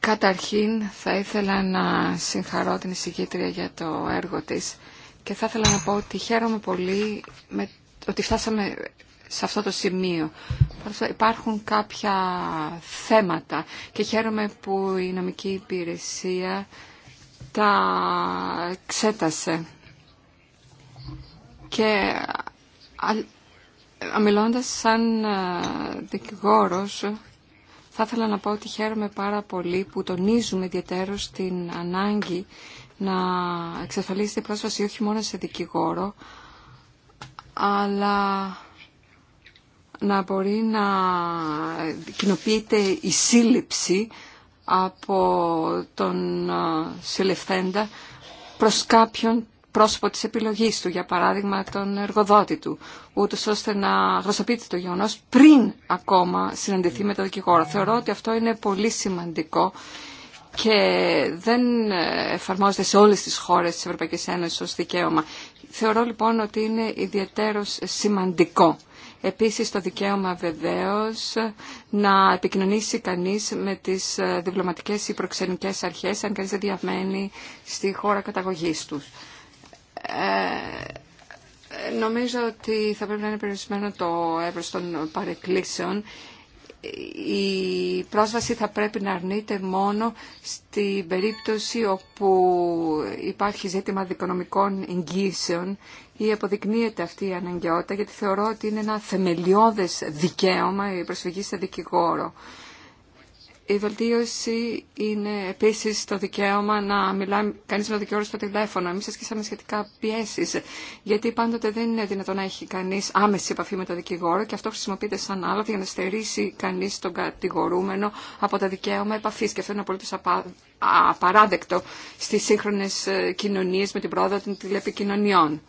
Καταρχήν θα ήθελα να συγχαρώ την εισηγήτρια για το έργο της και θα ήθελα να πω ότι χαίρομαι πολύ με, ότι φτάσαμε σε αυτό το σημείο. Υπάρχουν κάποια θέματα και χαίρομαι που η νομική υπηρεσία τα εξέτασε. Και μιλώντας σαν ε, δικηγόρος θα ήθελα να πω ότι χαίρομαι πάρα πολύ που τονίζουμε ιδιαίτερως την ανάγκη να εξασφαλίσετε πρόσβαση όχι μόνο σε δικηγόρο, αλλά να μπορεί να κοινοποιείται η σύλληψη από τον ε, συλλευθέντα προς κάποιον πρόσωπο της επιλογής του, για παράδειγμα τον εργοδότη του, ούτως ώστε να γνωστοποιείται το γεγονός πριν ακόμα συναντηθεί με τον δικηγόρο. Θεωρώ ότι αυτό είναι πολύ σημαντικό και δεν εφαρμόζεται σε όλες τις χώρες της Ευρωπαϊκής Ένωσης ως δικαίωμα. Θεωρώ λοιπόν ότι είναι ιδιαίτερος σημαντικό. Επίσης το δικαίωμα βεβαίω, να επικοινωνήσει κανείς με τις διπλωματικές ή προξενικές αρχές αν κανείς δεν διαμένει στη χώρα καταγωγής τους. Ε, νομίζω ότι θα πρέπει να είναι περιορισμένο το έπρο των παρεκκλήσεων. Η πρόσβαση θα πρέπει να αρνείται μόνο στην περίπτωση όπου υπάρχει ζήτημα δικονομικών εγγύσεων ή αποδεικνύεται αυτή η αναγκαιότητα γιατί θεωρώ ότι είναι ένα θεμελιώδες δικαίωμα η προσφυγή σε δικηγόρο. Η βελτίωση είναι επίση το δικαίωμα να μιλάει κανεί με το δικαιώμα στο τηλέφωνο. Εμεί ασκήσαμε σχετικά πιέσει, γιατί πάντοτε δεν είναι δυνατόν να έχει κανεί άμεση επαφή με το δικηγόρο και αυτό χρησιμοποιείται σαν άλλο για να στερήσει κανεί τον κατηγορούμενο από τα δικαίωμα επαφή. Και αυτό είναι απολύτω απαράδεκτο στι σύγχρονε κοινωνίε με την πρόοδο των τηλεπικοινωνιών.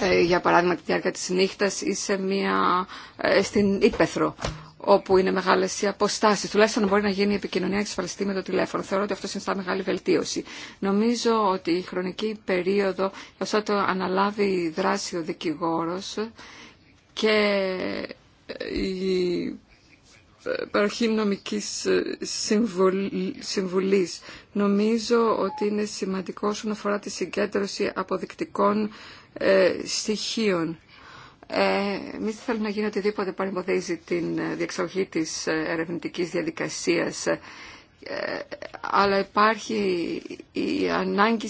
Ε, για παράδειγμα τη διάρκεια της νύχτας ή μια, ε, στην Ήπεθρο όπου είναι μεγάλε οι αποστάσει. Τουλάχιστον μπορεί να γίνει η επικοινωνία εξασφαλιστή με το τηλέφωνο. Θεωρώ ότι αυτό συνιστά μεγάλη βελτίωση. Νομίζω ότι η χρονική περίοδο, όσο το αναλάβει δράση ο δικηγόρο και ε, η παροχή νομική συμβουλή. Νομίζω ότι είναι σημαντικό όσον αφορά τη συγκέντρωση αποδεικτικών ε, στοιχείων. Ε, Εμεί δεν θέλουμε να γίνει οτιδήποτε παρεμποδίζει την ε, διεξαγωγή της ε, ερευνητικής διαδικασίας. αλλά υπάρχει η ανάγκη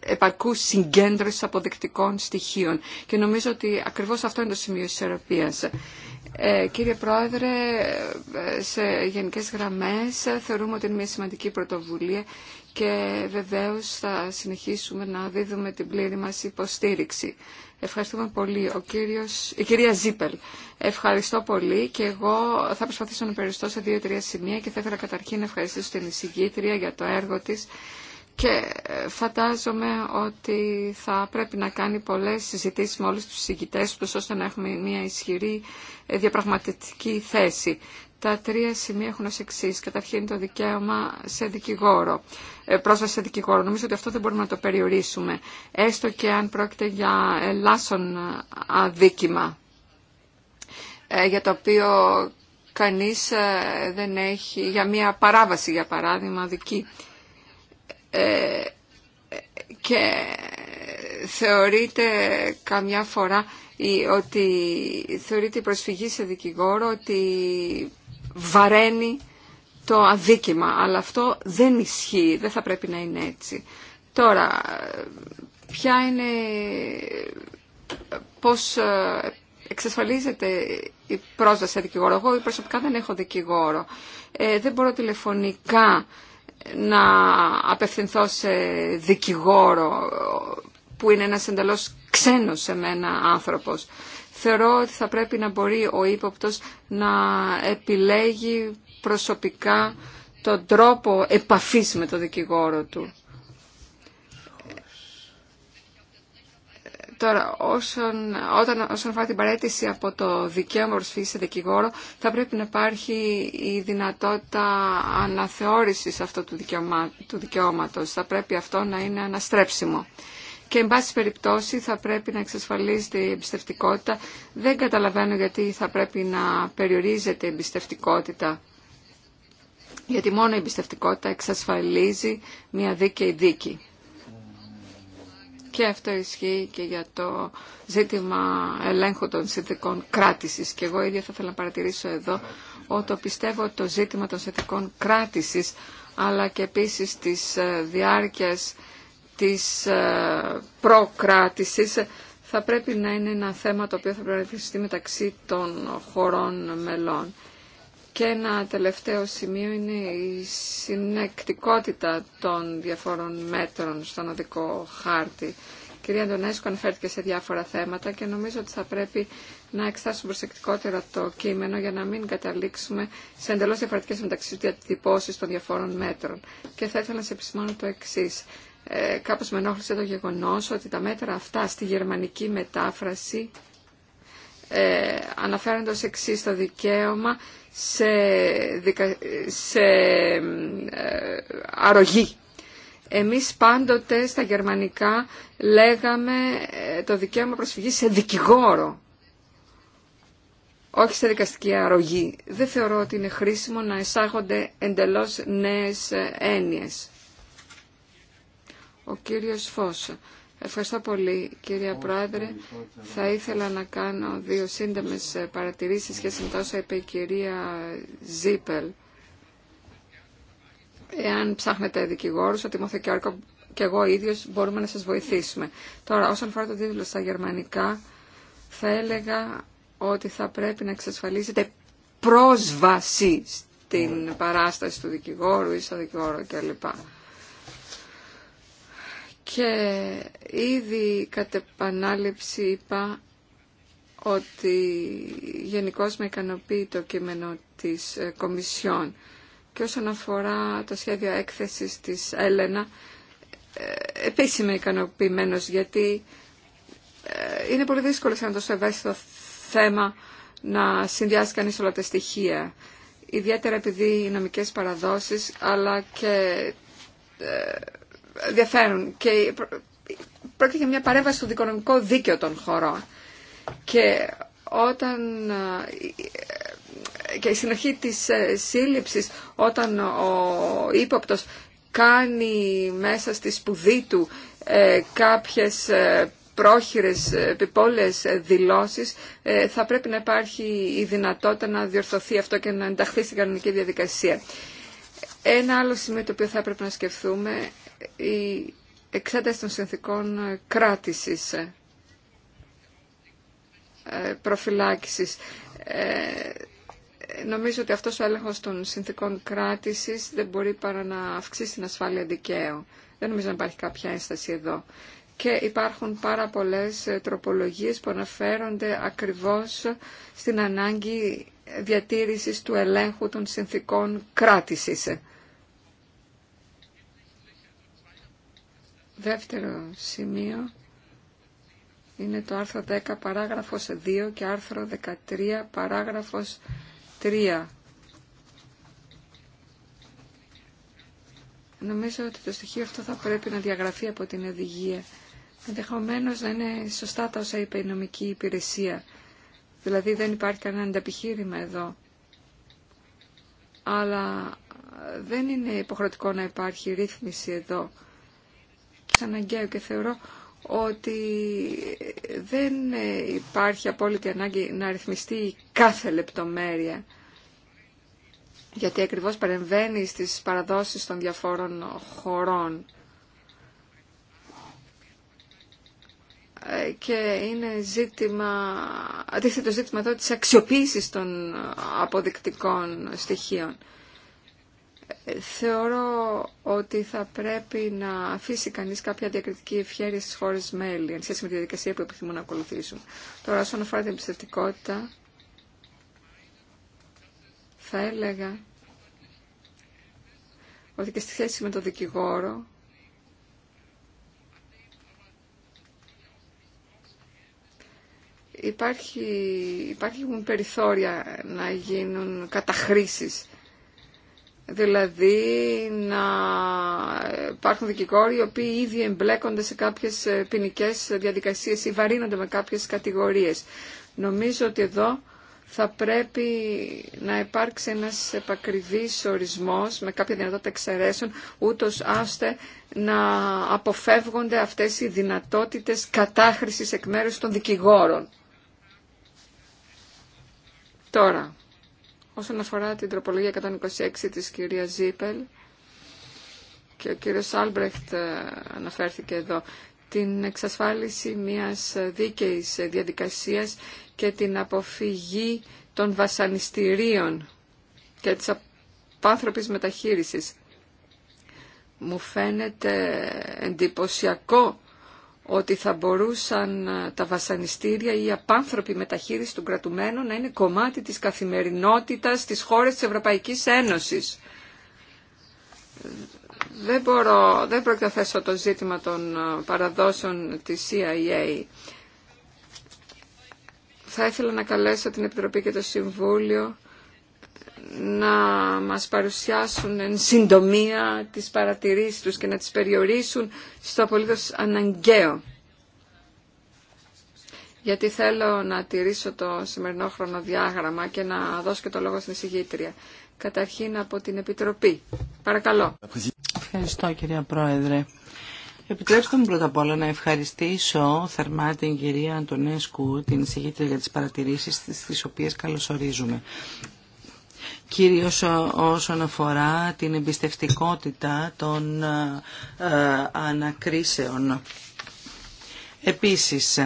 επαρκούς συγκέντρωση αποδεκτικών στοιχείων και νομίζω ότι ακριβώς αυτό είναι το σημείο της ισορροπίας. Ε, κύριε Πρόεδρε, σε γενικές γραμμές θεωρούμε ότι είναι μια σημαντική πρωτοβουλία και βεβαίως θα συνεχίσουμε να δίδουμε την πλήρη μας υποστήριξη. Ευχαριστούμε πολύ. Ο κύριος, η κυρία Ζίπελ, ευχαριστώ πολύ και εγώ θα προσπαθήσω να περιστώ σε δύο-τρία σημεία και θα ήθελα καταρχήν να ευχαριστήσω την εισηγήτρια για το έργο της και φαντάζομαι ότι θα πρέπει να κάνει πολλές συζητήσεις με όλους τους συγκητές τους ώστε να έχουμε μια ισχυρή ε, διαπραγματευτική θέση. Τα τρία σημεία έχουν ως εξή. Καταρχήν το δικαίωμα σε δικηγόρο, ε, πρόσβαση σε δικηγόρο. Νομίζω ότι αυτό δεν μπορούμε να το περιορίσουμε, έστω και αν πρόκειται για ελάσσον ε, αδίκημα, ε, για το οποίο κανείς δεν έχει, για μια παράβαση για παράδειγμα δική. και θεωρείται καμιά φορά ότι θεωρείται η προσφυγή σε δικηγόρο ότι βαραίνει το αδίκημα, αλλά αυτό δεν ισχύει, δεν θα πρέπει να είναι έτσι. Τώρα, ποια είναι, πώς ε, εξασφαλίζεται η πρόσβαση σε δικηγόρο. Εγώ προσωπικά δεν έχω δικηγόρο. Ε, δεν μπορώ τηλεφωνικά να απευθυνθώ σε δικηγόρο που είναι ένας εντελώς ξένος σε μένα άνθρωπος. Θεωρώ ότι θα πρέπει να μπορεί ο ύποπτο να επιλέγει προσωπικά τον τρόπο επαφής με τον δικηγόρο του. Τώρα, όσον, όταν, όσον αφορά την παρέτηση από το δικαίωμα προσφυγή σε δικηγόρο, θα πρέπει να υπάρχει η δυνατότητα αναθεώρησης αυτού του, δικαιωμα, του δικαιώματος. Θα πρέπει αυτό να είναι αναστρέψιμο και εν πάση περιπτώσει θα πρέπει να εξασφαλίζεται η εμπιστευτικότητα. Δεν καταλαβαίνω γιατί θα πρέπει να περιορίζεται η εμπιστευτικότητα γιατί μόνο η εμπιστευτικότητα εξασφαλίζει μια δίκαιη δίκη. Και αυτό ισχύει και για το ζήτημα ελέγχου των συνθηκών κράτησης. Και εγώ ίδια θα ήθελα να παρατηρήσω εδώ ότι πιστεύω το ζήτημα των συνθηκών κράτησης αλλά και επίσης της ε, διάρκειας της ε, προκράτησης θα πρέπει να είναι ένα θέμα το οποίο θα πρέπει να ρυθμιστεί μεταξύ των χωρών μελών. Και ένα τελευταίο σημείο είναι η συνεκτικότητα των διαφόρων μέτρων στον οδικό χάρτη. κυρία Αντωνέσκο αναφέρθηκε σε διάφορα θέματα και νομίζω ότι θα πρέπει να εξετάσουμε προσεκτικότερα το κείμενο για να μην καταλήξουμε σε εντελώ διαφορετικέ μεταξύ διατυπώσεις των διαφόρων μέτρων. Και θα ήθελα να σε επισημάνω το εξή ε, κάπως με ενόχλησε το γεγονός ότι τα μέτρα αυτά στη γερμανική μετάφραση ε, αναφέρονται ως εξής το δικαίωμα σε, δικα... σε ε, αρρωγή. Εμείς πάντοτε στα γερμανικά λέγαμε ε, το δικαίωμα προσφυγής σε δικηγόρο, όχι σε δικαστική αρρωγή. Δεν θεωρώ ότι είναι χρήσιμο να εισάγονται εντελώς νέες ε, έννοιες ο κύριος Φώσο. Ευχαριστώ πολύ κύριε Πρόεδρε. Θα ήθελα να κάνω δύο σύντομες ε, παρατηρήσεις σχέση με τόσο είπε η κυρία Ζίπελ. Εάν ψάχνετε δικηγόρους, ο Τιμόθε και εγώ ίδιος μπορούμε να σας βοηθήσουμε. Τώρα, όσον αφορά το τίτλο στα γερμανικά, θα έλεγα ότι θα πρέπει να εξασφαλίσετε πρόσβαση στην ναι. παράσταση του δικηγόρου ή στο δικηγόρο κλπ. Και ήδη κατ' επανάληψη είπα ότι γενικώ με ικανοποιεί το κείμενο της ε, Κομισιόν. Και όσον αφορά το σχέδιο έκθεσης της Έλενα, ε, επίσης είμαι ικανοποιημένος γιατί ε, είναι πολύ δύσκολο σε ένα τόσο ευαίσθητο θέμα να συνδυάσει κανείς όλα τα στοιχεία. Ιδιαίτερα επειδή οι νομικές παραδόσεις αλλά και και πρόκειται για μια παρέμβαση στο δικονομικό δίκαιο των χωρών. Και όταν ε, ε, και η συνοχή της ε, σύλληψης όταν ο ύποπτος κάνει μέσα στη σπουδή του κάποιες πρόχειρες επιπόλες δηλώσεις θα πρέπει να υπάρχει η δυνατότητα να διορθωθεί αυτό και να ενταχθεί στην κανονική διαδικασία. Ένα άλλο σημείο το οποίο θα έπρεπε να σκεφτούμε η εξέταση των συνθήκων κράτησης, ε, προφυλάκησης. Ε, νομίζω ότι αυτός ο έλεγχος των συνθήκων κράτησης δεν μπορεί παρά να αυξήσει την ασφάλεια δικαίου. Δεν νομίζω να υπάρχει κάποια ένσταση εδώ. Και υπάρχουν πάρα πολλές ε, τροπολογίες που αναφέρονται ακριβώς στην ανάγκη διατήρησης του ελέγχου των συνθήκων κράτησης. Δεύτερο σημείο είναι το άρθρο 10 παράγραφος 2 και άρθρο 13 παράγραφος 3. Νομίζω ότι το στοιχείο αυτό θα πρέπει να διαγραφεί από την οδηγία. Ενδεχομένω να είναι σωστά τα όσα είπε η νομική υπηρεσία. Δηλαδή δεν υπάρχει κανένα ανταπιχείρημα εδώ. Αλλά δεν είναι υποχρεωτικό να υπάρχει ρύθμιση εδώ αναγκαίο και θεωρώ ότι δεν υπάρχει απόλυτη ανάγκη να ρυθμιστεί κάθε λεπτομέρεια γιατί ακριβώς παρεμβαίνει στις παραδόσεις των διαφόρων χωρών και είναι ζήτημα, αντίθετο ζήτημα εδώ της αξιοποίησης των αποδεικτικών στοιχείων. Θεωρώ ότι θα πρέπει να αφήσει κανείς κάποια διακριτική ευχαίρεια στις χώρες μέλη, εν σχέση με τη διαδικασία που επιθυμούν να ακολουθήσουν. Τώρα, όσον αφορά την εμπιστευτικότητα, θα έλεγα ότι και στη θέση με τον δικηγόρο υπάρχει, υπάρχουν περιθώρια να γίνουν καταχρήσεις δηλαδή να υπάρχουν δικηγόροι οι οποίοι ήδη εμπλέκονται σε κάποιες ε, ποινικέ διαδικασίες ή βαρύνονται με κάποιες κατηγορίες. Νομίζω ότι εδώ θα πρέπει να υπάρξει ένας επακριβής ορισμός με κάποια δυνατότητα εξαιρέσεων, ούτως ώστε να αποφεύγονται αυτές οι δυνατότητες κατάχρησης εκ μέρους των δικηγόρων. Τώρα, Όσον αφορά την τροπολογία 126 της κυρίας Ζίπελ και ο κύριος Άλμπρεχτ ε, αναφέρθηκε εδώ, την εξασφάλιση μιας δίκαιης διαδικασίας και την αποφυγή των βασανιστήριων και της απάνθρωπης μεταχείρισης. Μου φαίνεται εντυπωσιακό ότι θα μπορούσαν ε, τα βασανιστήρια ή η απάνθρωπη μεταχείριση των κρατουμένων να είναι κομμάτι της καθημερινότητας της χώρες της Ευρωπαϊκής Ένωσης. Δεν, μπορώ, δεν το ζήτημα των ε, παραδόσεων της CIA. Θα ήθελα να καλέσω την Επιτροπή και το Συμβούλιο να μας παρουσιάσουν εν συντομία τις παρατηρήσεις τους και να τις περιορίσουν στο απολύτως αναγκαίο. Γιατί θέλω να τηρήσω το σημερινό χρονοδιάγραμμα και να δώσω και το λόγο στην εισηγήτρια. Καταρχήν από την Επιτροπή. Παρακαλώ. Ευχαριστώ κυρία Πρόεδρε. Επιτρέψτε μου πρώτα απ' όλα να ευχαριστήσω θερμά την κυρία Αντωνέσκου, την εισηγήτρια για τις παρατηρήσεις τις οποίες καλωσορίζουμε κυρίως ε, όσον αφορά την εμπιστευτικότητα των ε, ε, ανακρίσεων. Επίσης,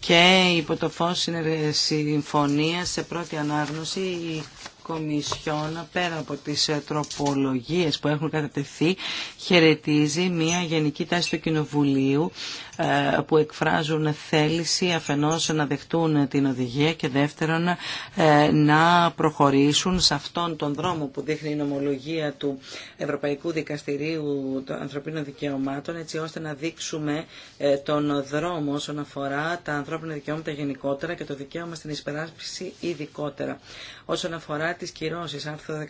και υπό το φως συμφωνίας σε πρώτη ανάγνωση η Κομισιόν πέρα από τις τροπολογίες που έχουν κατατεθεί χαιρετίζει μια γενική τάση του Κοινοβουλίου ε, που εκφράζουν θέληση αφενός να δεχτούν την οδηγία και δεύτερον ε, να προχωρήσουν σε αυτόν τον δρόμο που δείχνει η νομολογία του Ευρωπαϊκού Δικαστηρίου των Ανθρωπίνων Δικαιωμάτων έτσι ώστε να δείξουμε ε, τον δρόμο όσον αφορά τα ανθρώπινα δικαιώματα γενικότερα και το δικαίωμα στην εισπεράσπιση ειδικότερα. Όσον αφορά τις κυρώσεις, άρθρο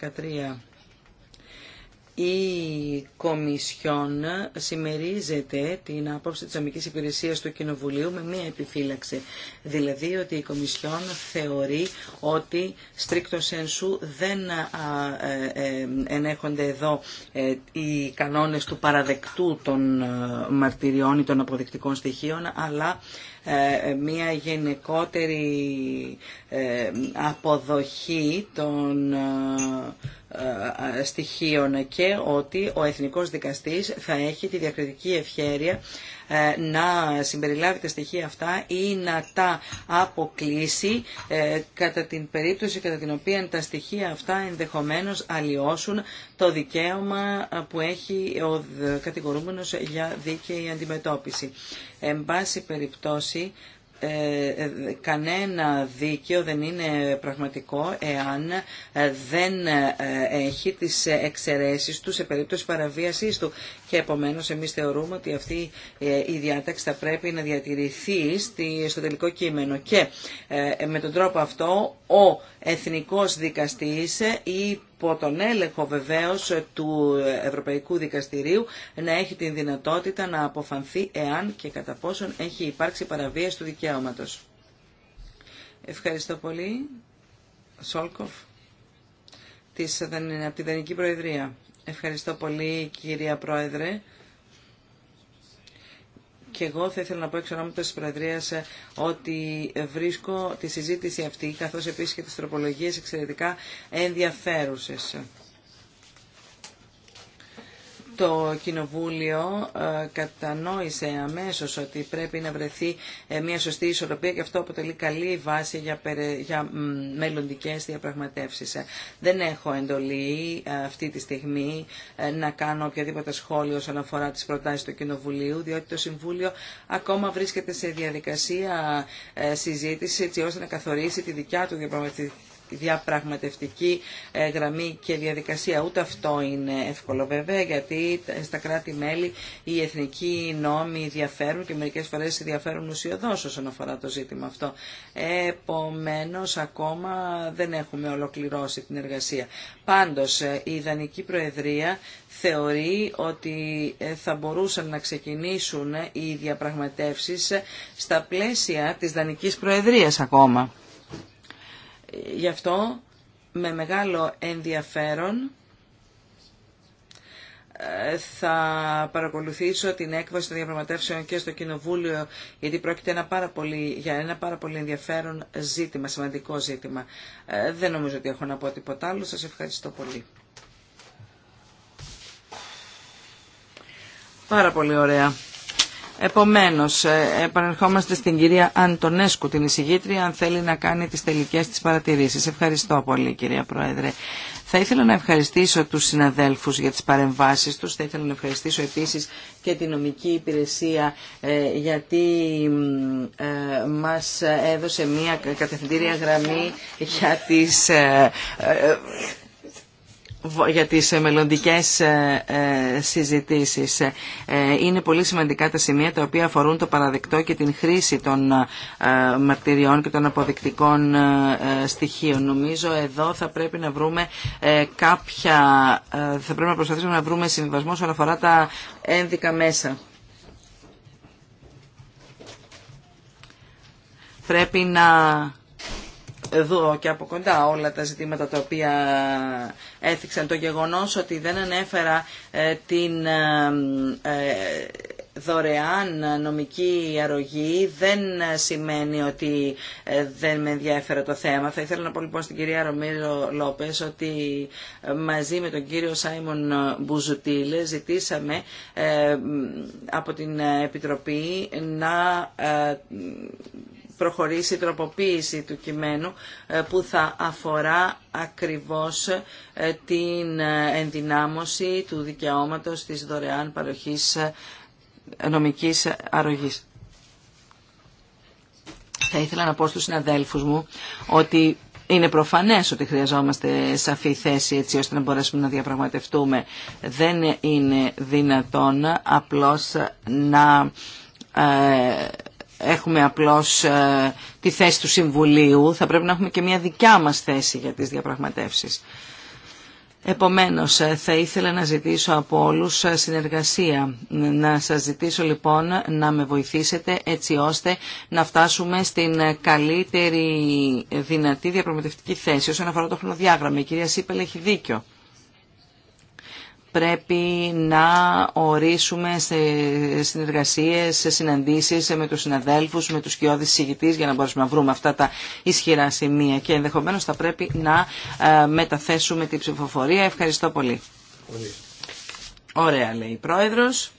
13 η Κομισιόν συμμερίζεται την άποψη της ομικής υπηρεσίας του Κοινοβουλίου με μία επιφύλαξη. Δηλαδή ότι η Κομισιόν θεωρεί ότι στρίκτο σένσου δεν ε, ε, ενέχονται εδώ ε, οι κανόνες του παραδεκτού των μαρτυριών ή των αποδεικτικών στοιχείων, αλλά μία γενικότερη αποδοχή των ε, ε, στοιχείων και ότι ο Εθνικός Δικαστής θα έχει τη διακριτική ευχέρεια ε, να συμπεριλάβει τα στοιχεία αυτά ή να τα αποκλείσει κατά την περίπτωση κατά την οποία τα στοιχεία αυτά ενδεχομένως αλλοιώσουν το δικαίωμα που έχει ο κατηγορούμενος για δίκαιη αντιμετώπιση. Εν πάση περιπτώσει ε, ε, κανένα δίκαιο δεν είναι πραγματικό εάν ε, δεν έχει τις εξαιρέσεις του σε περίπτωση παραβίασής του και επομένως εμείς θεωρούμε ότι αυτή ε, η διάταξη θα πρέπει να διατηρηθεί στο τελικό κείμενο και ε, ε, με τον τρόπο αυτό ο εθνικός δικαστή ή υπό τον έλεγχο βεβαίως του Ευρωπαϊκού Δικαστηρίου να έχει την δυνατότητα να αποφανθεί εάν και κατά πόσον έχει υπάρξει παραβίαση του δικαιώματος. Ευχαριστώ πολύ. Σόλκοφ από τη Δανική Προεδρία. Ευχαριστώ πολύ κυρία Πρόεδρε. Και εγώ θα ήθελα να πω εξ ονόματος της Προεδρίας ε, ότι βρίσκω τη συζήτηση αυτή, καθώς επίσης και τις τροπολογίες εξαιρετικά ενδιαφέρουσες το Κοινοβούλιο ε, κατανόησε αμέσως ότι πρέπει να βρεθεί ε, μια σωστή ισορροπία και αυτό αποτελεί καλή βάση για, για μελλοντικές διαπραγματεύσεις. Ε, δεν έχω εντολή αυτή τη στιγμή να κάνω οποιαδήποτε σχόλιο όσον αφορά τις προτάσεις του Κοινοβουλίου, διότι το Συμβούλιο ακόμα βρίσκεται σε διαδικασία συζήτηση έτσι ώστε να καθορίσει τη δικιά του διαπραγματευτική διαπραγματευτική ε, γραμμή και διαδικασία. Ούτε αυτό είναι εύκολο βέβαια γιατί στα κράτη-μέλη οι εθνικοί νόμοι διαφέρουν και μερικές φορές διαφέρουν ουσιοδός όσον αφορά το ζήτημα αυτό. Επομένως ακόμα δεν έχουμε ολοκληρώσει την εργασία. Πάντως ε, η Ιδανική Προεδρία θεωρεί ότι ε, θα μπορούσαν να ξεκινήσουν οι διαπραγματεύσεις στα πλαίσια της Δανικής Προεδρίας ακόμα. Γι' αυτό με μεγάλο ενδιαφέρον ε, θα παρακολουθήσω την έκβαση των διαπραγματεύσεων και στο Κοινοβούλιο, γιατί πρόκειται ένα πάρα πολύ, για ένα πάρα πολύ ενδιαφέρον ζήτημα, σημαντικό ζήτημα. Ε, δεν νομίζω ότι έχω να πω τίποτα άλλο. Σας ευχαριστώ πολύ. Πάρα πολύ ωραία. Επομένως, ε, επαναρχόμαστε στην κυρία Αντωνέσκου, την εισηγήτρια, αν θέλει να κάνει τις τελικές της παρατηρήσεις. Ευχαριστώ πολύ κυρία Πρόεδρε. Θα ήθελα να ευχαριστήσω τους συναδέλφους για τις παρεμβάσεις τους. Θα ήθελα να ευχαριστήσω επίσης και την νομική υπηρεσία ε, γιατί ε, μας έδωσε μια κατευθυντήρια γραμμή για τις για τις ε, μελλοντικές ε, ε, συζητήσεις. Είναι πολύ σημαντικά τα σημεία τα οποία αφορούν το παραδεκτό και την χρήση των μαρτυριών και των αποδεικτικών στοιχείων. Νομίζω εδώ θα πρέπει να βρούμε κάποια, θα πρέπει να προσπαθήσουμε να βρούμε συμβασμό όσον αφορά τα ένδικα μέσα. Πρέπει να εδώ και από κοντά όλα τα ζητήματα τα οποία έθιξαν. Το γεγονός ότι δεν ανέφερα ε, την ε, ε, δωρεάν νομική αρρωγή δεν σημαίνει ότι δεν με ενδιαφέρε το θέμα. Θα ήθελα να πω λοιπόν στην κυρία Ρομίρο Λόπες ότι μαζί με τον κύριο Σάιμον Μπουζουτήλε ζητήσαμε από την Επιτροπή να προχωρήσει η τροποποίηση του κειμένου ε, που θα αφορά ακριβώς ε, την ε, ενδυνάμωση του δικαιώματος της δωρεάν παροχής νομικής αρρωγής. Θα ήθελα να πω στους συναδέλφους μου ότι είναι προφανές ότι χρειαζόμαστε σαφή θέση έτσι ώστε να μπορέσουμε να διαπραγματευτούμε. Δεν είναι δυνατόν απλώς να έχουμε απλώς ε, τη θέση του Συμβουλίου, θα πρέπει να έχουμε και μια δικιά μας θέση για τις διαπραγματεύσεις. Επομένως, ε, θα ήθελα να ζητήσω από όλους ε, συνεργασία. Να σας ζητήσω λοιπόν να με βοηθήσετε έτσι ώστε να φτάσουμε στην καλύτερη δυνατή διαπραγματευτική θέση όσον αφορά το χρονοδιάγραμμα. Η κυρία Σίπελ έχει δίκιο πρέπει να ορίσουμε σε συνεργασίες, σε συναντήσεις με τους συναδέλφους, με τους κοιόδης συγητής για να μπορούμε να βρούμε αυτά τα ισχυρά σημεία και ενδεχομένως θα πρέπει να ε, μεταθέσουμε την ψηφοφορία. Ευχαριστώ πολύ. Ωραία λέει η Πρόεδρος.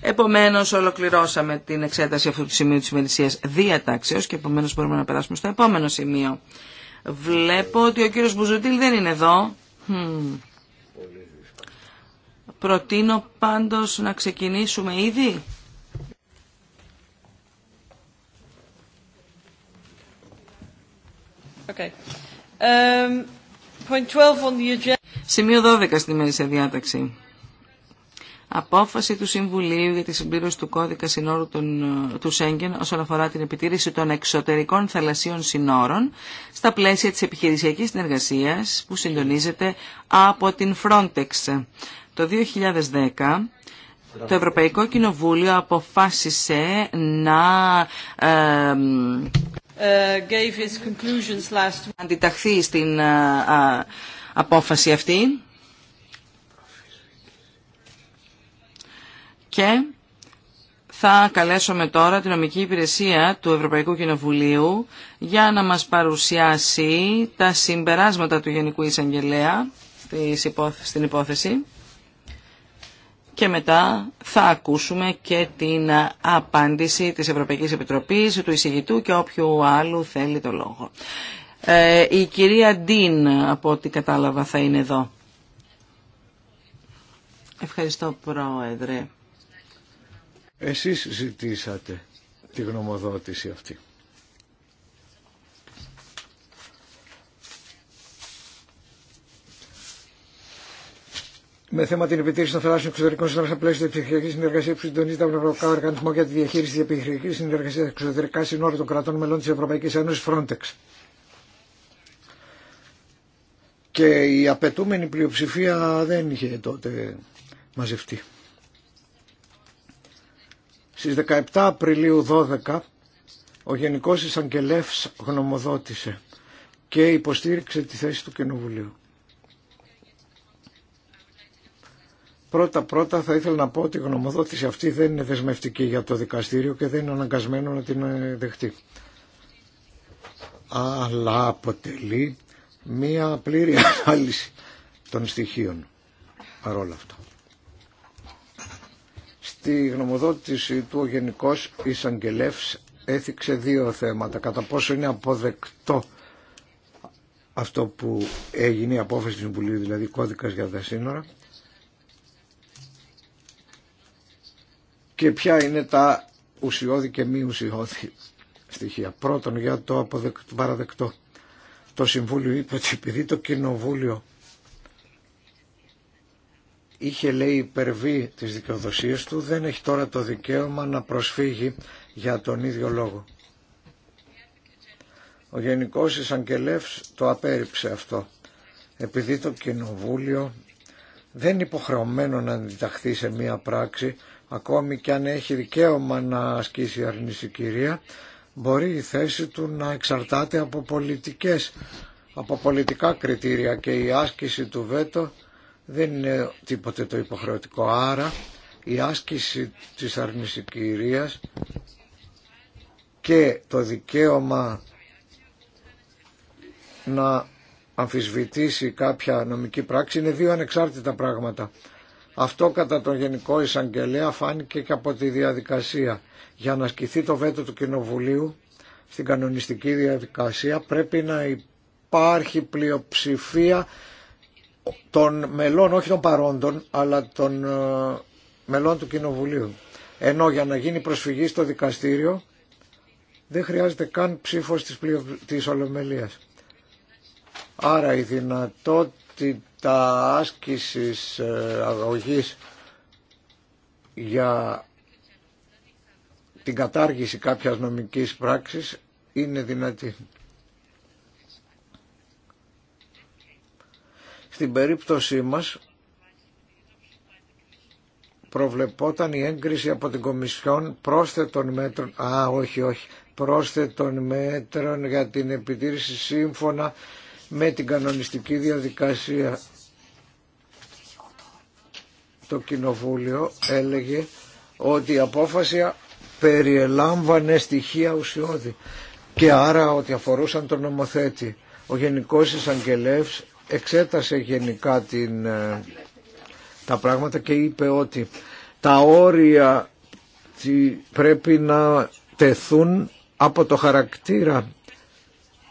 Επομένως ολοκληρώσαμε την εξέταση αυτού του σημείου της ημερησία διατάξεως και επομένως μπορούμε να περάσουμε στο επόμενο σημείο. Βλέπω ότι ο κύριος Μπουζουτήλ δεν είναι εδώ. Hmm. Προτείνω πάντως να ξεκινήσουμε ήδη. Okay. Um, point 12 the agenda. Σημείο 12 στη μέση διάταξη. Απόφαση του Συμβουλίου για τη συμπλήρωση του κώδικα συνόρου των, ε, του Σέγγεν όσον αφορά την επιτήρηση των εξωτερικών θαλασσίων συνόρων στα πλαίσια της επιχειρησιακής συνεργασίας που συντονίζεται από την Frontex. Το 2010 το Ευρωπαϊκό Κοινοβούλιο αποφάσισε να ε, αντιταχθεί στην ε, απόφαση αυτή και θα καλέσουμε τώρα την νομική υπηρεσία του Ευρωπαϊκού Κοινοβουλίου για να μας παρουσιάσει τα συμπεράσματα του Γενικού Εισαγγελέα στην υπόθεση και μετά θα ακούσουμε και την απάντηση της Ευρωπαϊκής Επιτροπής, του εισηγητού και όποιου άλλου θέλει το λόγο. Ε, η κυρία Ντίν, από ό,τι κατάλαβα, θα είναι εδώ. Ευχαριστώ, Πρόεδρε. Εσείς ζητήσατε τη γνωμοδότηση αυτή. με θέμα την επιτήρηση των θαλάσσιων εξωτερικών συνόρων στα πλαίσια τη ψυχιακή συνεργασία που συντονίζεται από τον Ευρωπαϊκό Οργανισμό για τη Διαχείριση τη Επιχειρηματική Συνεργασία Εξωτερικά Συνόρων των Κρατών Μελών τη Ευρωπαϊκή Ένωση, Frontex. Και η απαιτούμενη πλειοψηφία δεν είχε τότε μαζευτεί. Στις 17 Απριλίου 12 ο Γενικός Εισαγγελεύς γνωμοδότησε και υποστήριξε τη θέση του Κοινοβουλίου. Πρώτα πρώτα θα ήθελα να πω ότι η γνωμοδότηση αυτή δεν είναι δεσμευτική για το δικαστήριο και δεν είναι αναγκασμένο να την ε, δεχτεί. Αλλά αποτελεί μία πλήρη ανάλυση των στοιχείων παρόλα αυτά. Στη γνωμοδότηση του ο Γενικός Ισαγγελεύς έθιξε δύο θέματα. Κατά πόσο είναι αποδεκτό αυτό που έγινε η απόφαση του Συμβουλίου, δηλαδή κώδικας για τα σύνορα και ποια είναι τα ουσιώδη και μη ουσιώδη στοιχεία. Πρώτον για το αποδεκτό, παραδεκτό. Το Συμβούλιο είπε ότι επειδή το Κοινοβούλιο είχε λέει υπερβεί τις δικαιοδοσίες του, δεν έχει τώρα το δικαίωμα να προσφύγει για τον ίδιο λόγο. Ο Γενικός Εισαγγελεύς το απέρριψε αυτό, επειδή το Κοινοβούλιο δεν υποχρεωμένο να αντιταχθεί σε μία πράξη ακόμη και αν έχει δικαίωμα να ασκήσει αρνηση κυρία, μπορεί η θέση του να εξαρτάται από πολιτικές, από πολιτικά κριτήρια και η άσκηση του βέτο δεν είναι τίποτε το υποχρεωτικό. Άρα η άσκηση της κυρίας και το δικαίωμα να αμφισβητήσει κάποια νομική πράξη είναι δύο ανεξάρτητα πράγματα. Αυτό κατά τον Γενικό Εισαγγελέα φάνηκε και από τη διαδικασία. Για να ασκηθεί το βέτο του Κοινοβουλίου στην κανονιστική διαδικασία πρέπει να υπάρχει πλειοψηφία των μελών, όχι των παρόντων, αλλά των ε, μελών του Κοινοβουλίου. Ενώ για να γίνει προσφυγή στο δικαστήριο δεν χρειάζεται καν ψήφος της, πλειο... της Ολομελίας. Άρα η δυνατότητα τα άσκησης ε, αγωγής για την κατάργηση κάποιας νομικής πράξης είναι δυνατή. Στην περίπτωσή μας προβλεπόταν η έγκριση από την Κομισιόν πρόσθετων μέτρων, α όχι όχι, πρόσθετων μέτρων για την επιτήρηση σύμφωνα με την κανονιστική διαδικασία το Κοινοβούλιο έλεγε ότι η απόφαση περιελάμβανε στοιχεία ουσιώδη και άρα ότι αφορούσαν τον νομοθέτη. Ο Γενικός Εισαγγελεύς εξέτασε γενικά την, ε, τα πράγματα και είπε ότι τα όρια πρέπει να τεθούν από το χαρακτήρα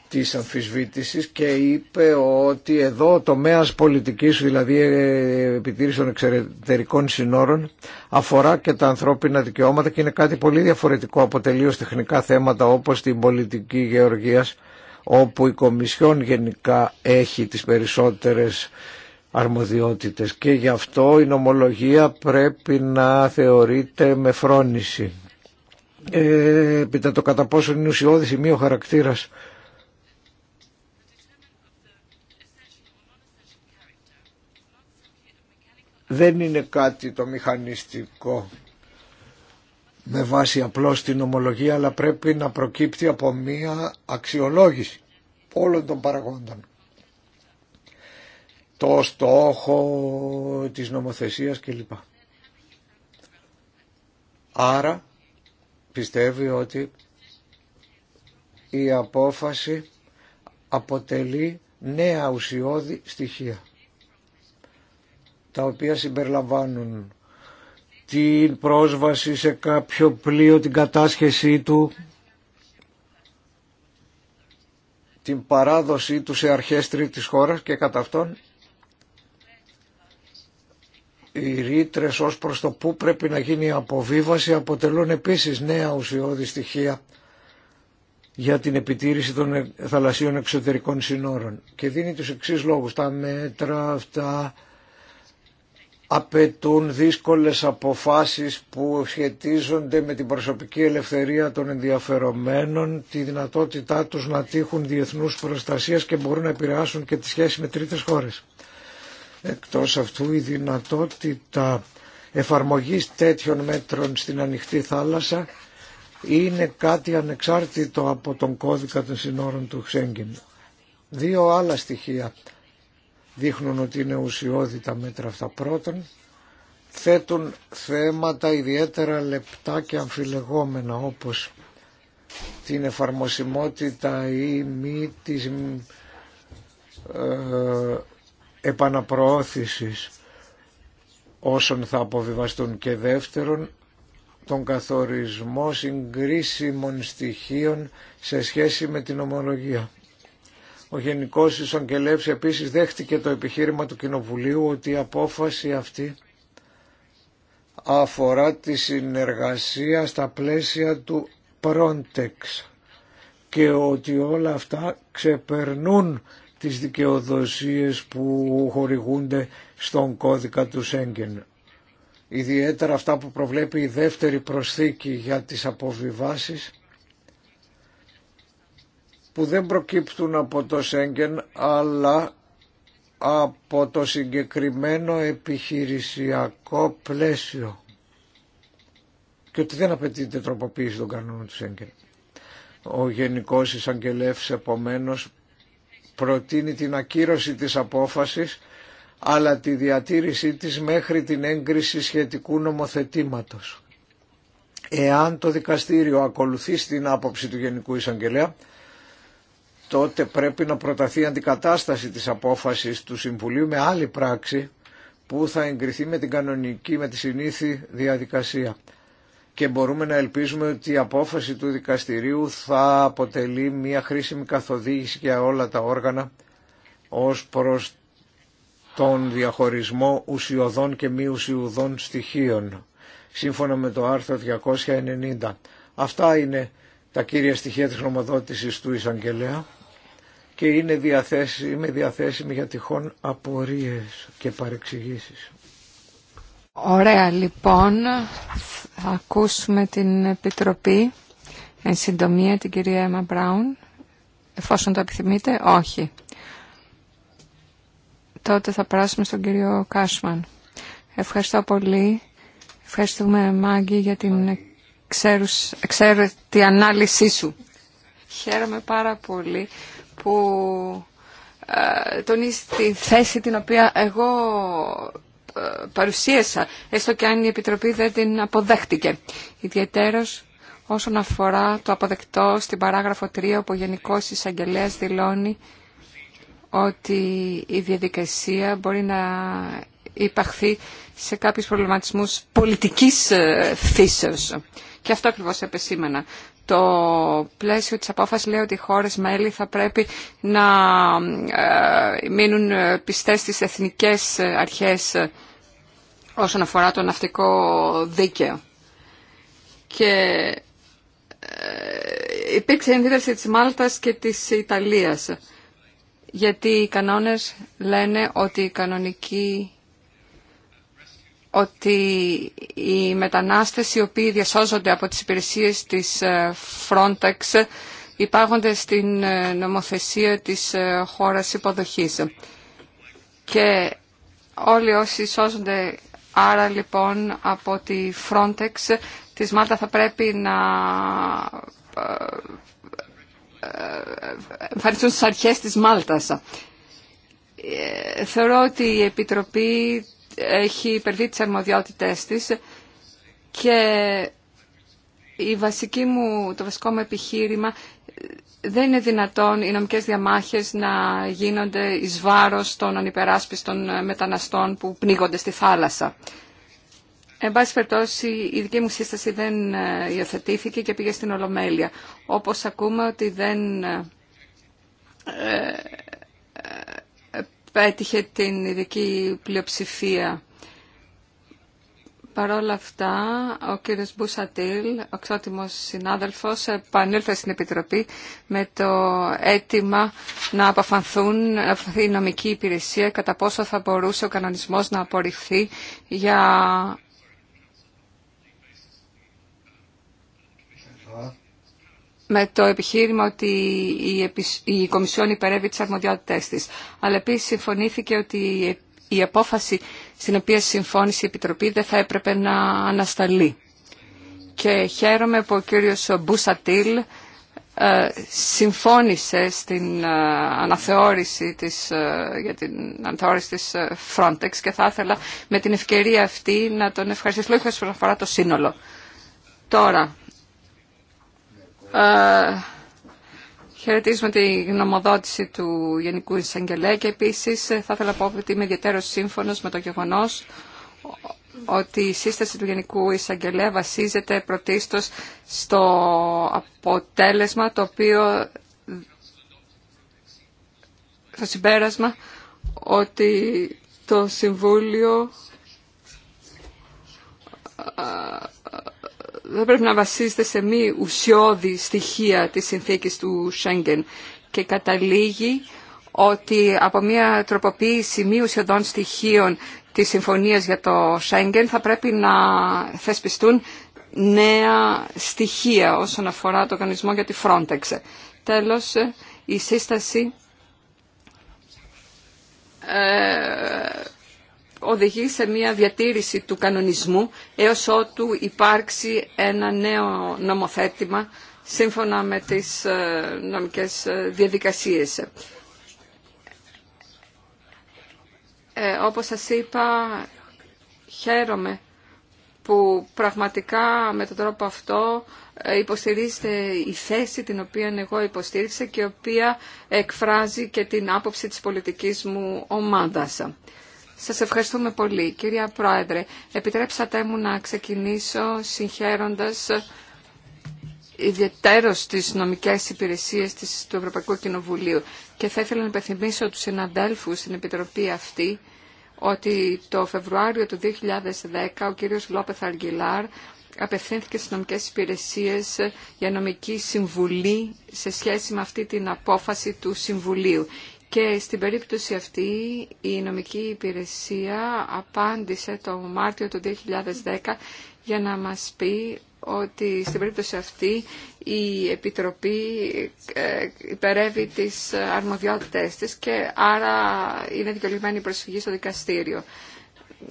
της αμφισβήτησης και είπε ότι εδώ ο τομέας πολιτικής, δηλαδή ε, επιτήρηση των εξωτερικών συνόρων, αφορά και τα ανθρώπινα δικαιώματα και είναι κάτι πολύ διαφορετικό από τελείως τεχνικά θέματα όπως την πολιτική γεωργίας, όπου η Κομισιόν γενικά έχει τις περισσότερες αρμοδιότητες και γι' αυτό η νομολογία πρέπει να θεωρείται με φρόνηση. Ε, το κατά πόσο είναι ουσιώδης χαρακτήρας δεν είναι κάτι το μηχανιστικό με βάση απλώς την ομολογία αλλά πρέπει να προκύπτει από μία αξιολόγηση όλων των παραγόντων. Το στόχο της νομοθεσίας κλπ. Άρα πιστεύει ότι η απόφαση αποτελεί νέα ουσιώδη στοιχεία τα οποία συμπεριλαμβάνουν την πρόσβαση σε κάποιο πλοίο, την κατάσχεσή του, την παράδοσή του σε αρχές τρίτης χώρας και κατά αυτόν οι ρήτρε ως προς το που πρέπει να γίνει η αποβίβαση αποτελούν επίσης νέα ουσιώδη στοιχεία για την επιτήρηση των θαλασσίων εξωτερικών συνόρων και δίνει τους εξής λόγους τα μέτρα αυτά απαιτούν δύσκολες αποφάσεις που σχετίζονται με την προσωπική ελευθερία των ενδιαφερομένων, τη δυνατότητά τους να τύχουν διεθνούς προστασίας και μπορούν να επηρεάσουν και τη σχέση με τρίτες χώρες. Εκτός αυτού η δυνατότητα εφαρμογής τέτοιων μέτρων στην ανοιχτή θάλασσα είναι κάτι ανεξάρτητο από τον κώδικα των συνόρων του Χσέγγιν. Δύο άλλα στοιχεία δείχνουν ότι είναι ουσιώδη τα μέτρα αυτά πρώτον θέτουν θέματα ιδιαίτερα λεπτά και αμφιλεγόμενα όπως την εφαρμοσιμότητα ή μη της ε, επαναπροώθησης όσων θα αποβιβαστούν και δεύτερον τον καθορισμό συγκρίσιμων στοιχείων σε σχέση με την ομολογία. Ο Γενικός Ισογγελέα επίση δέχτηκε το επιχείρημα του Κοινοβουλίου ότι η απόφαση αυτή αφορά τη συνεργασία στα πλαίσια του πρόντεξ και ότι όλα αυτά ξεπερνούν τις δικαιοδοσίες που χορηγούνται στον κώδικα του Σέγγεν. Ιδιαίτερα αυτά που προβλέπει η δεύτερη προσθήκη για τις αποβιβάσεις που δεν προκύπτουν από το Σέγγεν αλλά από το συγκεκριμένο επιχειρησιακό πλαίσιο και ότι δεν απαιτείται τροποποίηση των κανόνων του Σέγγεν. Ο Γενικός Εισαγγελέφης επομένως προτείνει την ακύρωση της απόφασης αλλά τη διατήρησή της μέχρι την έγκριση σχετικού νομοθετήματος. Εάν το δικαστήριο ακολουθεί στην άποψη του Γενικού Εισαγγελέα, τότε πρέπει να προταθεί αντικατάσταση της απόφασης του Συμβουλίου με άλλη πράξη που θα εγκριθεί με την κανονική, με τη συνήθη διαδικασία. Και μπορούμε να ελπίζουμε ότι η απόφαση του δικαστηρίου θα αποτελεί μια χρήσιμη καθοδήγηση για όλα τα όργανα ως προς τον διαχωρισμό ουσιωδών και μη ουσιοδών στοιχείων, σύμφωνα με το άρθρο 290. Αυτά είναι τα κύρια στοιχεία της γνωμοδότησης του Ισαγγελέα και είναι διαθέσιμη, είμαι διαθέσιμη για τυχόν απορίες και παρεξηγήσεις. Ωραία λοιπόν, θα ακούσουμε την Επιτροπή, εν συντομία την κυρία Έμα Μπράουν, εφόσον το επιθυμείτε, όχι. Τότε θα περάσουμε στον κύριο Κάσμαν. Ευχαριστώ πολύ. Ευχαριστούμε Μάγκη για την εξαίρετη ανάλυση σου. Χαίρομαι πάρα πολύ που ε, τονίζει τη θέση την οποία εγώ ε, παρουσίασα, έστω και αν η Επιτροπή δεν την αποδέχτηκε. Ιδιαίτερος όσον αφορά το αποδεκτό στην παράγραφο 3, όπου ο Γενικός Εισαγγελέας δηλώνει ότι η διαδικασία μπορεί να υπαχθεί σε κάποιους προβληματισμούς πολιτικής ε, φύσεως. Και αυτό ακριβώς επεσήμενα το πλαίσιο της απόφασης λέει ότι οι χώρες μέλη θα πρέπει να ε, μείνουν πιστές στις εθνικές αρχές όσον αφορά το ναυτικό δίκαιο. Και ε, υπήρξε ενδίδραση της Μάλτας και της Ιταλίας, γιατί οι κανόνες λένε ότι η κανονικοί ότι οι μετανάστες οι οποίοι διασώζονται από τις υπηρεσίες της ε, Frontex υπάγονται στην ε, νομοθεσία της ε, χώρας υποδοχής. Και όλοι όσοι σώζονται άρα λοιπόν από τη Frontex της Μάλτα θα πρέπει να εμφανιστούν στις αρχές της Μάλτας. Θεωρώ ότι η Επιτροπή έχει υπερβεί τις αρμοδιότητές της και η βασική μου, το βασικό μου επιχείρημα ε, δεν είναι δυνατόν οι νομικές διαμάχες να γίνονται εις βάρος των ανυπεράσπιστων ε, μεταναστών που πνίγονται στη θάλασσα. Εν πάση περιπτώσει, η δική μου σύσταση δεν ε, υιοθετήθηκε και πήγε στην Ολομέλεια. Όπως ακούμε ότι δεν πέτυχε την ειδική πλειοψηφία. Παρ' όλα αυτά, ο κύριος Μπουσατήλ, ο ξότιμος συνάδελφος, επανήλθε στην Επιτροπή με το αίτημα να αποφανθούν η νομική υπηρεσία κατά πόσο θα μπορούσε ο κανονισμός να απορριφθεί για με το επιχείρημα ότι η Κομισιόν υπερεύει τις αρμοδιότητές της. Αλλά επίσης συμφωνήθηκε ότι η απόφαση στην οποία συμφώνησε η Επιτροπή δεν θα έπρεπε να ανασταλεί. Και χαίρομαι που ο κύριος Μπουσατήλ ε, συμφώνησε στην ε, αναθεώρηση της, ε, για την αναθεώρηση της Frontex και θα ήθελα με την ευκαιρία αυτή να τον ευχαριστήσω όχι όσον αφορά το σύνολο. Τώρα, ε, χαιρετίζουμε τη γνωμοδότηση του Γενικού Εισαγγελέα και επίσης ε, θα ήθελα να πω ότι είμαι ιδιαίτερο σύμφωνος με το γεγονός ότι η σύσταση του Γενικού Εισαγγελέα βασίζεται πρωτίστως στο αποτέλεσμα το οποίο στο συμπέρασμα ότι το Συμβούλιο ε, δεν πρέπει να βασίζεται σε μη ουσιώδη στοιχεία της συνθήκης του Σέγγεν και καταλήγει ότι από μια τροποποίηση μη ουσιωδών στοιχείων της συμφωνίας για το Σέγγεν θα πρέπει να θεσπιστούν νέα στοιχεία όσον αφορά το οργανισμό για τη Frontex. Τέλος, η σύσταση ε, οδηγεί σε μια διατήρηση του κανονισμού έως ότου υπάρξει ένα νέο νομοθέτημα σύμφωνα με τις ε, νομικές ε, διαδικασίες. Ε, όπως σας είπα, χαίρομαι που πραγματικά με τον τρόπο αυτό υποστηρίζεται η θέση την οποία εγώ υποστήριξα και η οποία εκφράζει και την άποψη της πολιτικής μου ομάδας. Σας ευχαριστούμε πολύ. Κυρία Πρόεδρε, επιτρέψατε μου να ξεκινήσω συγχαίροντας ιδιαίτερο τι νομικές υπηρεσίες του Ευρωπαϊκού Κοινοβουλίου. Και θα ήθελα να υπενθυμίσω τους συναντέλφους στην Επιτροπή αυτή ότι το Φεβρουάριο του 2010 ο κύριος Λόπεθ Αργγιλάρ απευθύνθηκε στις νομικές υπηρεσίες για νομική συμβουλή σε σχέση με αυτή την απόφαση του Συμβουλίου. Και στην περίπτωση αυτή η νομική υπηρεσία απάντησε το Μάρτιο του 2010 για να μας πει ότι στην περίπτωση αυτή η Επιτροπή ε, υπερεύει τις αρμοδιότητες της και άρα είναι δικαιολογημένη η προσφυγή στο δικαστήριο.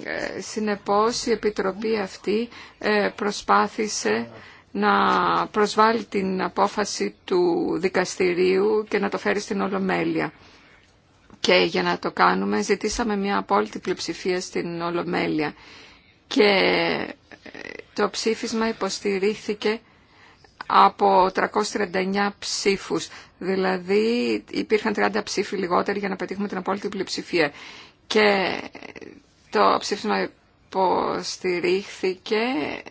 Ε, συνεπώς η Επιτροπή αυτή ε, προσπάθησε να προσβάλλει την απόφαση του δικαστηρίου και να το φέρει στην Ολομέλεια. Και για να το κάνουμε ζητήσαμε μια απόλυτη πλειοψηφία στην Ολομέλεια. Και ε, το ψήφισμα υποστηρίχθηκε από 339 ψήφους. Δηλαδή υπήρχαν 30 ψήφοι λιγότεροι για να πετύχουμε την απόλυτη πλειοψηφία. Και ε, το ψήφισμα στηρίχθηκε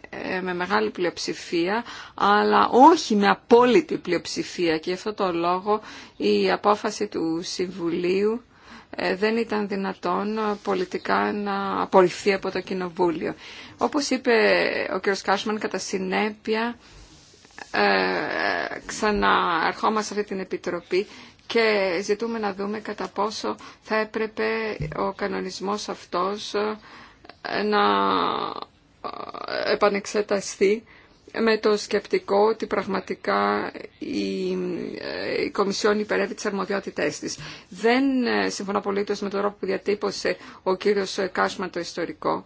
ε, με μεγάλη πλειοψηφία, αλλά όχι με απόλυτη πλειοψηφία και αυτό το λόγο η απόφαση του Συμβουλίου ε, δεν ήταν δυνατόν πολιτικά να απορριφθεί από το Κοινοβούλιο. Όπως είπε ο κ. Κάσμαν, κατά συνέπεια ε, ξαναερχόμαστε σε αυτή την Επιτροπή και ζητούμε να δούμε κατά πόσο θα έπρεπε ο κανονισμός αυτός να ε, επανεξεταστεί με το σκεπτικό ότι πραγματικά η, ε, η Κομισιόν υπερεύει τις αρμοδιότητές της. Δεν ε, συμφωνώ πολύ με τον τρόπο που διατύπωσε ο κύριος Κάσμα το ιστορικό,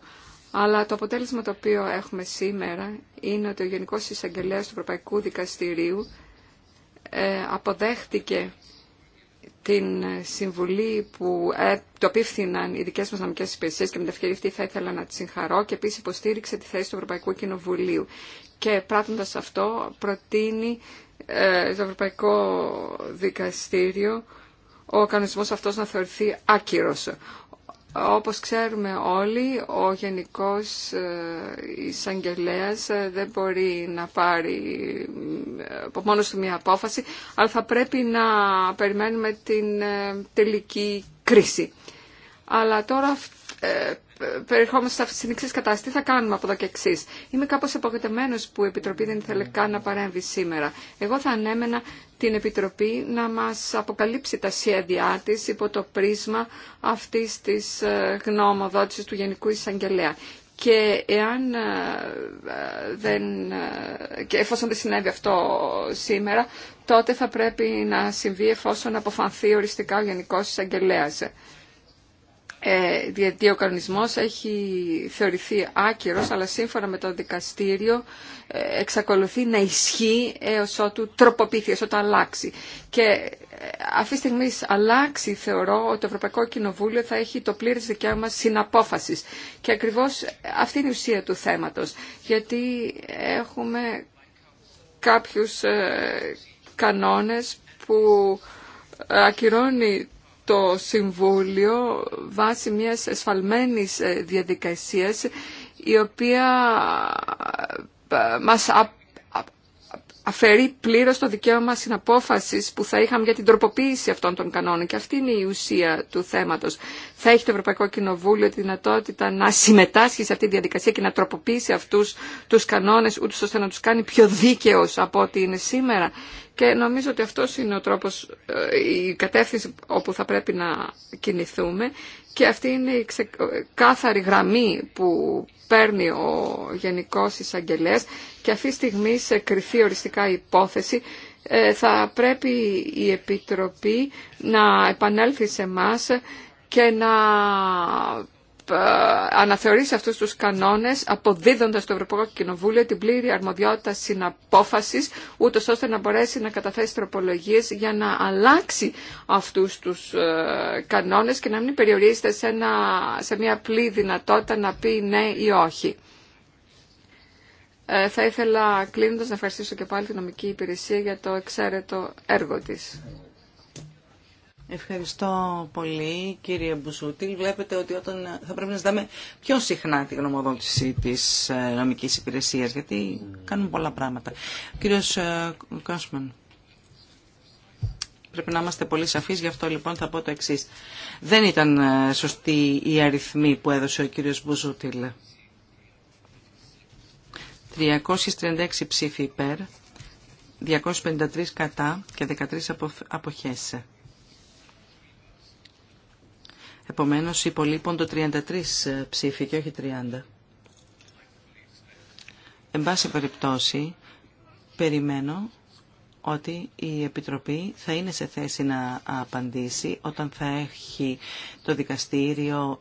αλλά το αποτέλεσμα το οποίο έχουμε σήμερα είναι ότι ο Γενικός Εισαγγελέας του Ευρωπαϊκού Δικαστηρίου αποδέχτηκε την συμβουλή που ε, το απίφθηναν οι δικές μας νομικές υπηρεσίες και με την ευκαιρία αυτή θα ήθελα να τη συγχαρώ και επίσης υποστήριξε τη θέση του Ευρωπαϊκού Κοινοβουλίου. Και πράττοντας αυτό προτείνει ε, το Ευρωπαϊκό Δικαστήριο ο κανονισμός αυτός να θεωρηθεί άκυρος. Όπως ξέρουμε όλοι, ο Γενικός ε, Εισαγγελέας ε, δεν μπορεί να πάρει από μόνο του μια απόφαση, αλλά θα πρέπει να περιμένουμε την ε, τελική κρίση. Αλλά τώρα ε, περιχόμαστε στην εξή κατάσταση. Τι θα κάνουμε από εδώ και εξή. Είμαι κάπω απογοητευμένο που η Επιτροπή δεν ήθελε καν να παρέμβει σήμερα. Εγώ θα ανέμενα την Επιτροπή να μα αποκαλύψει τα σχέδιά τη υπό το πρίσμα αυτή τη ε, γνώμοδότηση του Γενικού Εισαγγελέα και εάν ε, δεν, ε, και εφόσον δεν συνέβη αυτό σήμερα, τότε θα πρέπει να συμβεί εφόσον αποφανθεί οριστικά ο Γενικός Εισαγγελέας γιατί ε, ο κανονισμός έχει θεωρηθεί άκυρος, αλλά σύμφωνα με το δικαστήριο ε, εξακολουθεί να ισχύει έως ότου τροποποιηθεί, έως ότου αλλάξει. Και ε, αυτή τη στιγμή αλλάξει, θεωρώ ότι το Ευρωπαϊκό Κοινοβούλιο θα έχει το πλήρες δικαίωμα συναπόφασης. Και ακριβώς αυτή είναι η ουσία του θέματος, γιατί έχουμε κάποιους κανόνες που ακυρώνει το Συμβούλιο βάσει μιας εσφαλμένης ε, διαδικασίας η οποία ε, μας αφαιρεί πλήρως το δικαίωμα συναπόφασης που θα είχαμε για την τροποποίηση αυτών των κανόνων. Και αυτή είναι η ουσία του θέματος. Θα έχει το Ευρωπαϊκό Κοινοβούλιο τη δυνατότητα να συμμετάσχει σε αυτή τη διαδικασία και να τροποποιήσει αυτούς τους κανόνες, ούτως ώστε να τους κάνει πιο δίκαιος από ό,τι είναι σήμερα. Και νομίζω ότι αυτός είναι ο τρόπος, ε, η κατεύθυνση όπου θα πρέπει να κινηθούμε και αυτή είναι η κάθαρη γραμμή που παίρνει ο Γενικός Εισαγγελέας και αυτή τη στιγμή σε κρυφή οριστικά υπόθεση ε, θα πρέπει η Επιτροπή να επανέλθει σε μας και να ε, αναθεωρήσει αυτούς τους κανόνες αποδίδοντας στο Ευρωπαϊκό Κοινοβούλιο την πλήρη αρμοδιότητα συναπόφασης ούτω ώστε να μπορέσει να καταθέσει τροπολογίες για να αλλάξει αυτούς τους ε, κανόνες και να μην περιορίζεται σε, σε μια απλή δυνατότητα να πει ναι ή όχι. Ε, θα ήθελα κλείνοντας να ευχαριστήσω και πάλι την νομική υπηρεσία για το εξαίρετο έργο της. Ευχαριστώ πολύ κύριε Μπουζούτιλ. Βλέπετε ότι όταν θα πρέπει να ζητάμε πιο συχνά τη γνωμοδότηση της ε, νομικής υπηρεσίας, γιατί κάνουν πολλά πράγματα. κύριος ε, Κόσμαν. Πρέπει να είμαστε πολύ σαφείς, γι' αυτό λοιπόν θα πω το εξή. Δεν ήταν ε, σωστή η αριθμή που έδωσε ο κύριος Μπουζούτιλ. 336 ψήφοι υπέρ, 253 κατά και 13 αποχές. Επομένως το 33 ε, ψήφι και όχι 30. Εν πάση περιπτώσει, περιμένω ότι η Επιτροπή θα είναι σε θέση να απαντήσει όταν θα έχει το δικαστήριο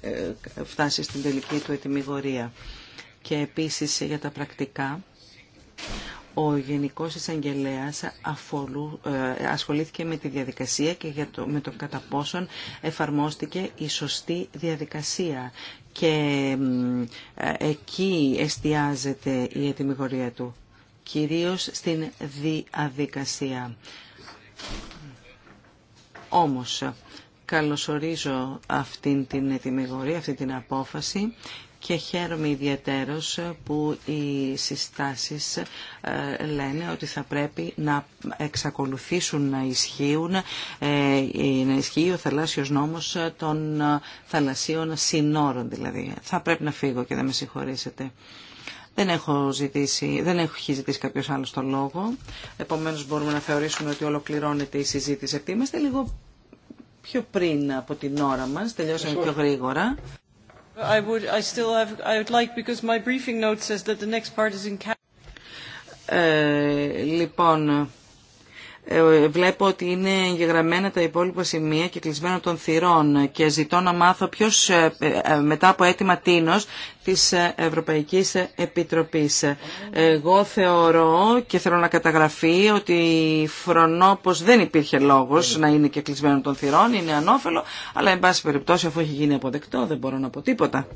ε, ε, φτάσει στην τελική του ετοιμιγορία. Και επίσης για τα πρακτικά, ο Γενικός Εισαγγελέας ε, ασχολήθηκε με τη διαδικασία και για το, με το κατά πόσον εφαρμόστηκε η σωστή διαδικασία και ε, εκεί εστιάζεται η ετοιμιγωρία του, κυρίως στην διαδικασία. Όμως, καλωσορίζω αυτήν την ετοιμιγωρία, αυτή την απόφαση και χαίρομαι ιδιαίτερος που οι συστάσεις ε, λένε ότι θα πρέπει να εξακολουθήσουν να ισχύουν ε, να ισχύει ο θαλάσσιος νόμος των ε, θαλασσίων συνόρων δηλαδή. Θα πρέπει να φύγω και δεν με συγχωρήσετε. Δεν έχω ζητήσει, δεν έχει ζητήσει κάποιος άλλος το λόγο. Επομένως μπορούμε να θεωρήσουμε ότι ολοκληρώνεται η συζήτηση Είμαστε λίγο πιο πριν από την ώρα μας, τελειώσαμε πιο γρήγορα. I would, I still have, I would like, because my briefing note says that the next part is in... ε, λοιπόν, ε, βλέπω ότι είναι εγγεγραμμένα τα υπόλοιπα σημεία και κλεισμένο των θυρών και ζητώ να μάθω ποιος ε, ε, μετά από αίτημα τίνος της Ευρωπαϊκής Επιτροπής. Εγώ θεωρώ και θέλω να καταγραφεί ότι φρονώ πως δεν υπήρχε λόγος να είναι και κλεισμένο των θυρών, είναι ανώφελο, αλλά εν πάση περιπτώσει αφού έχει γίνει αποδεκτό δεν μπορώ να πω τίποτα.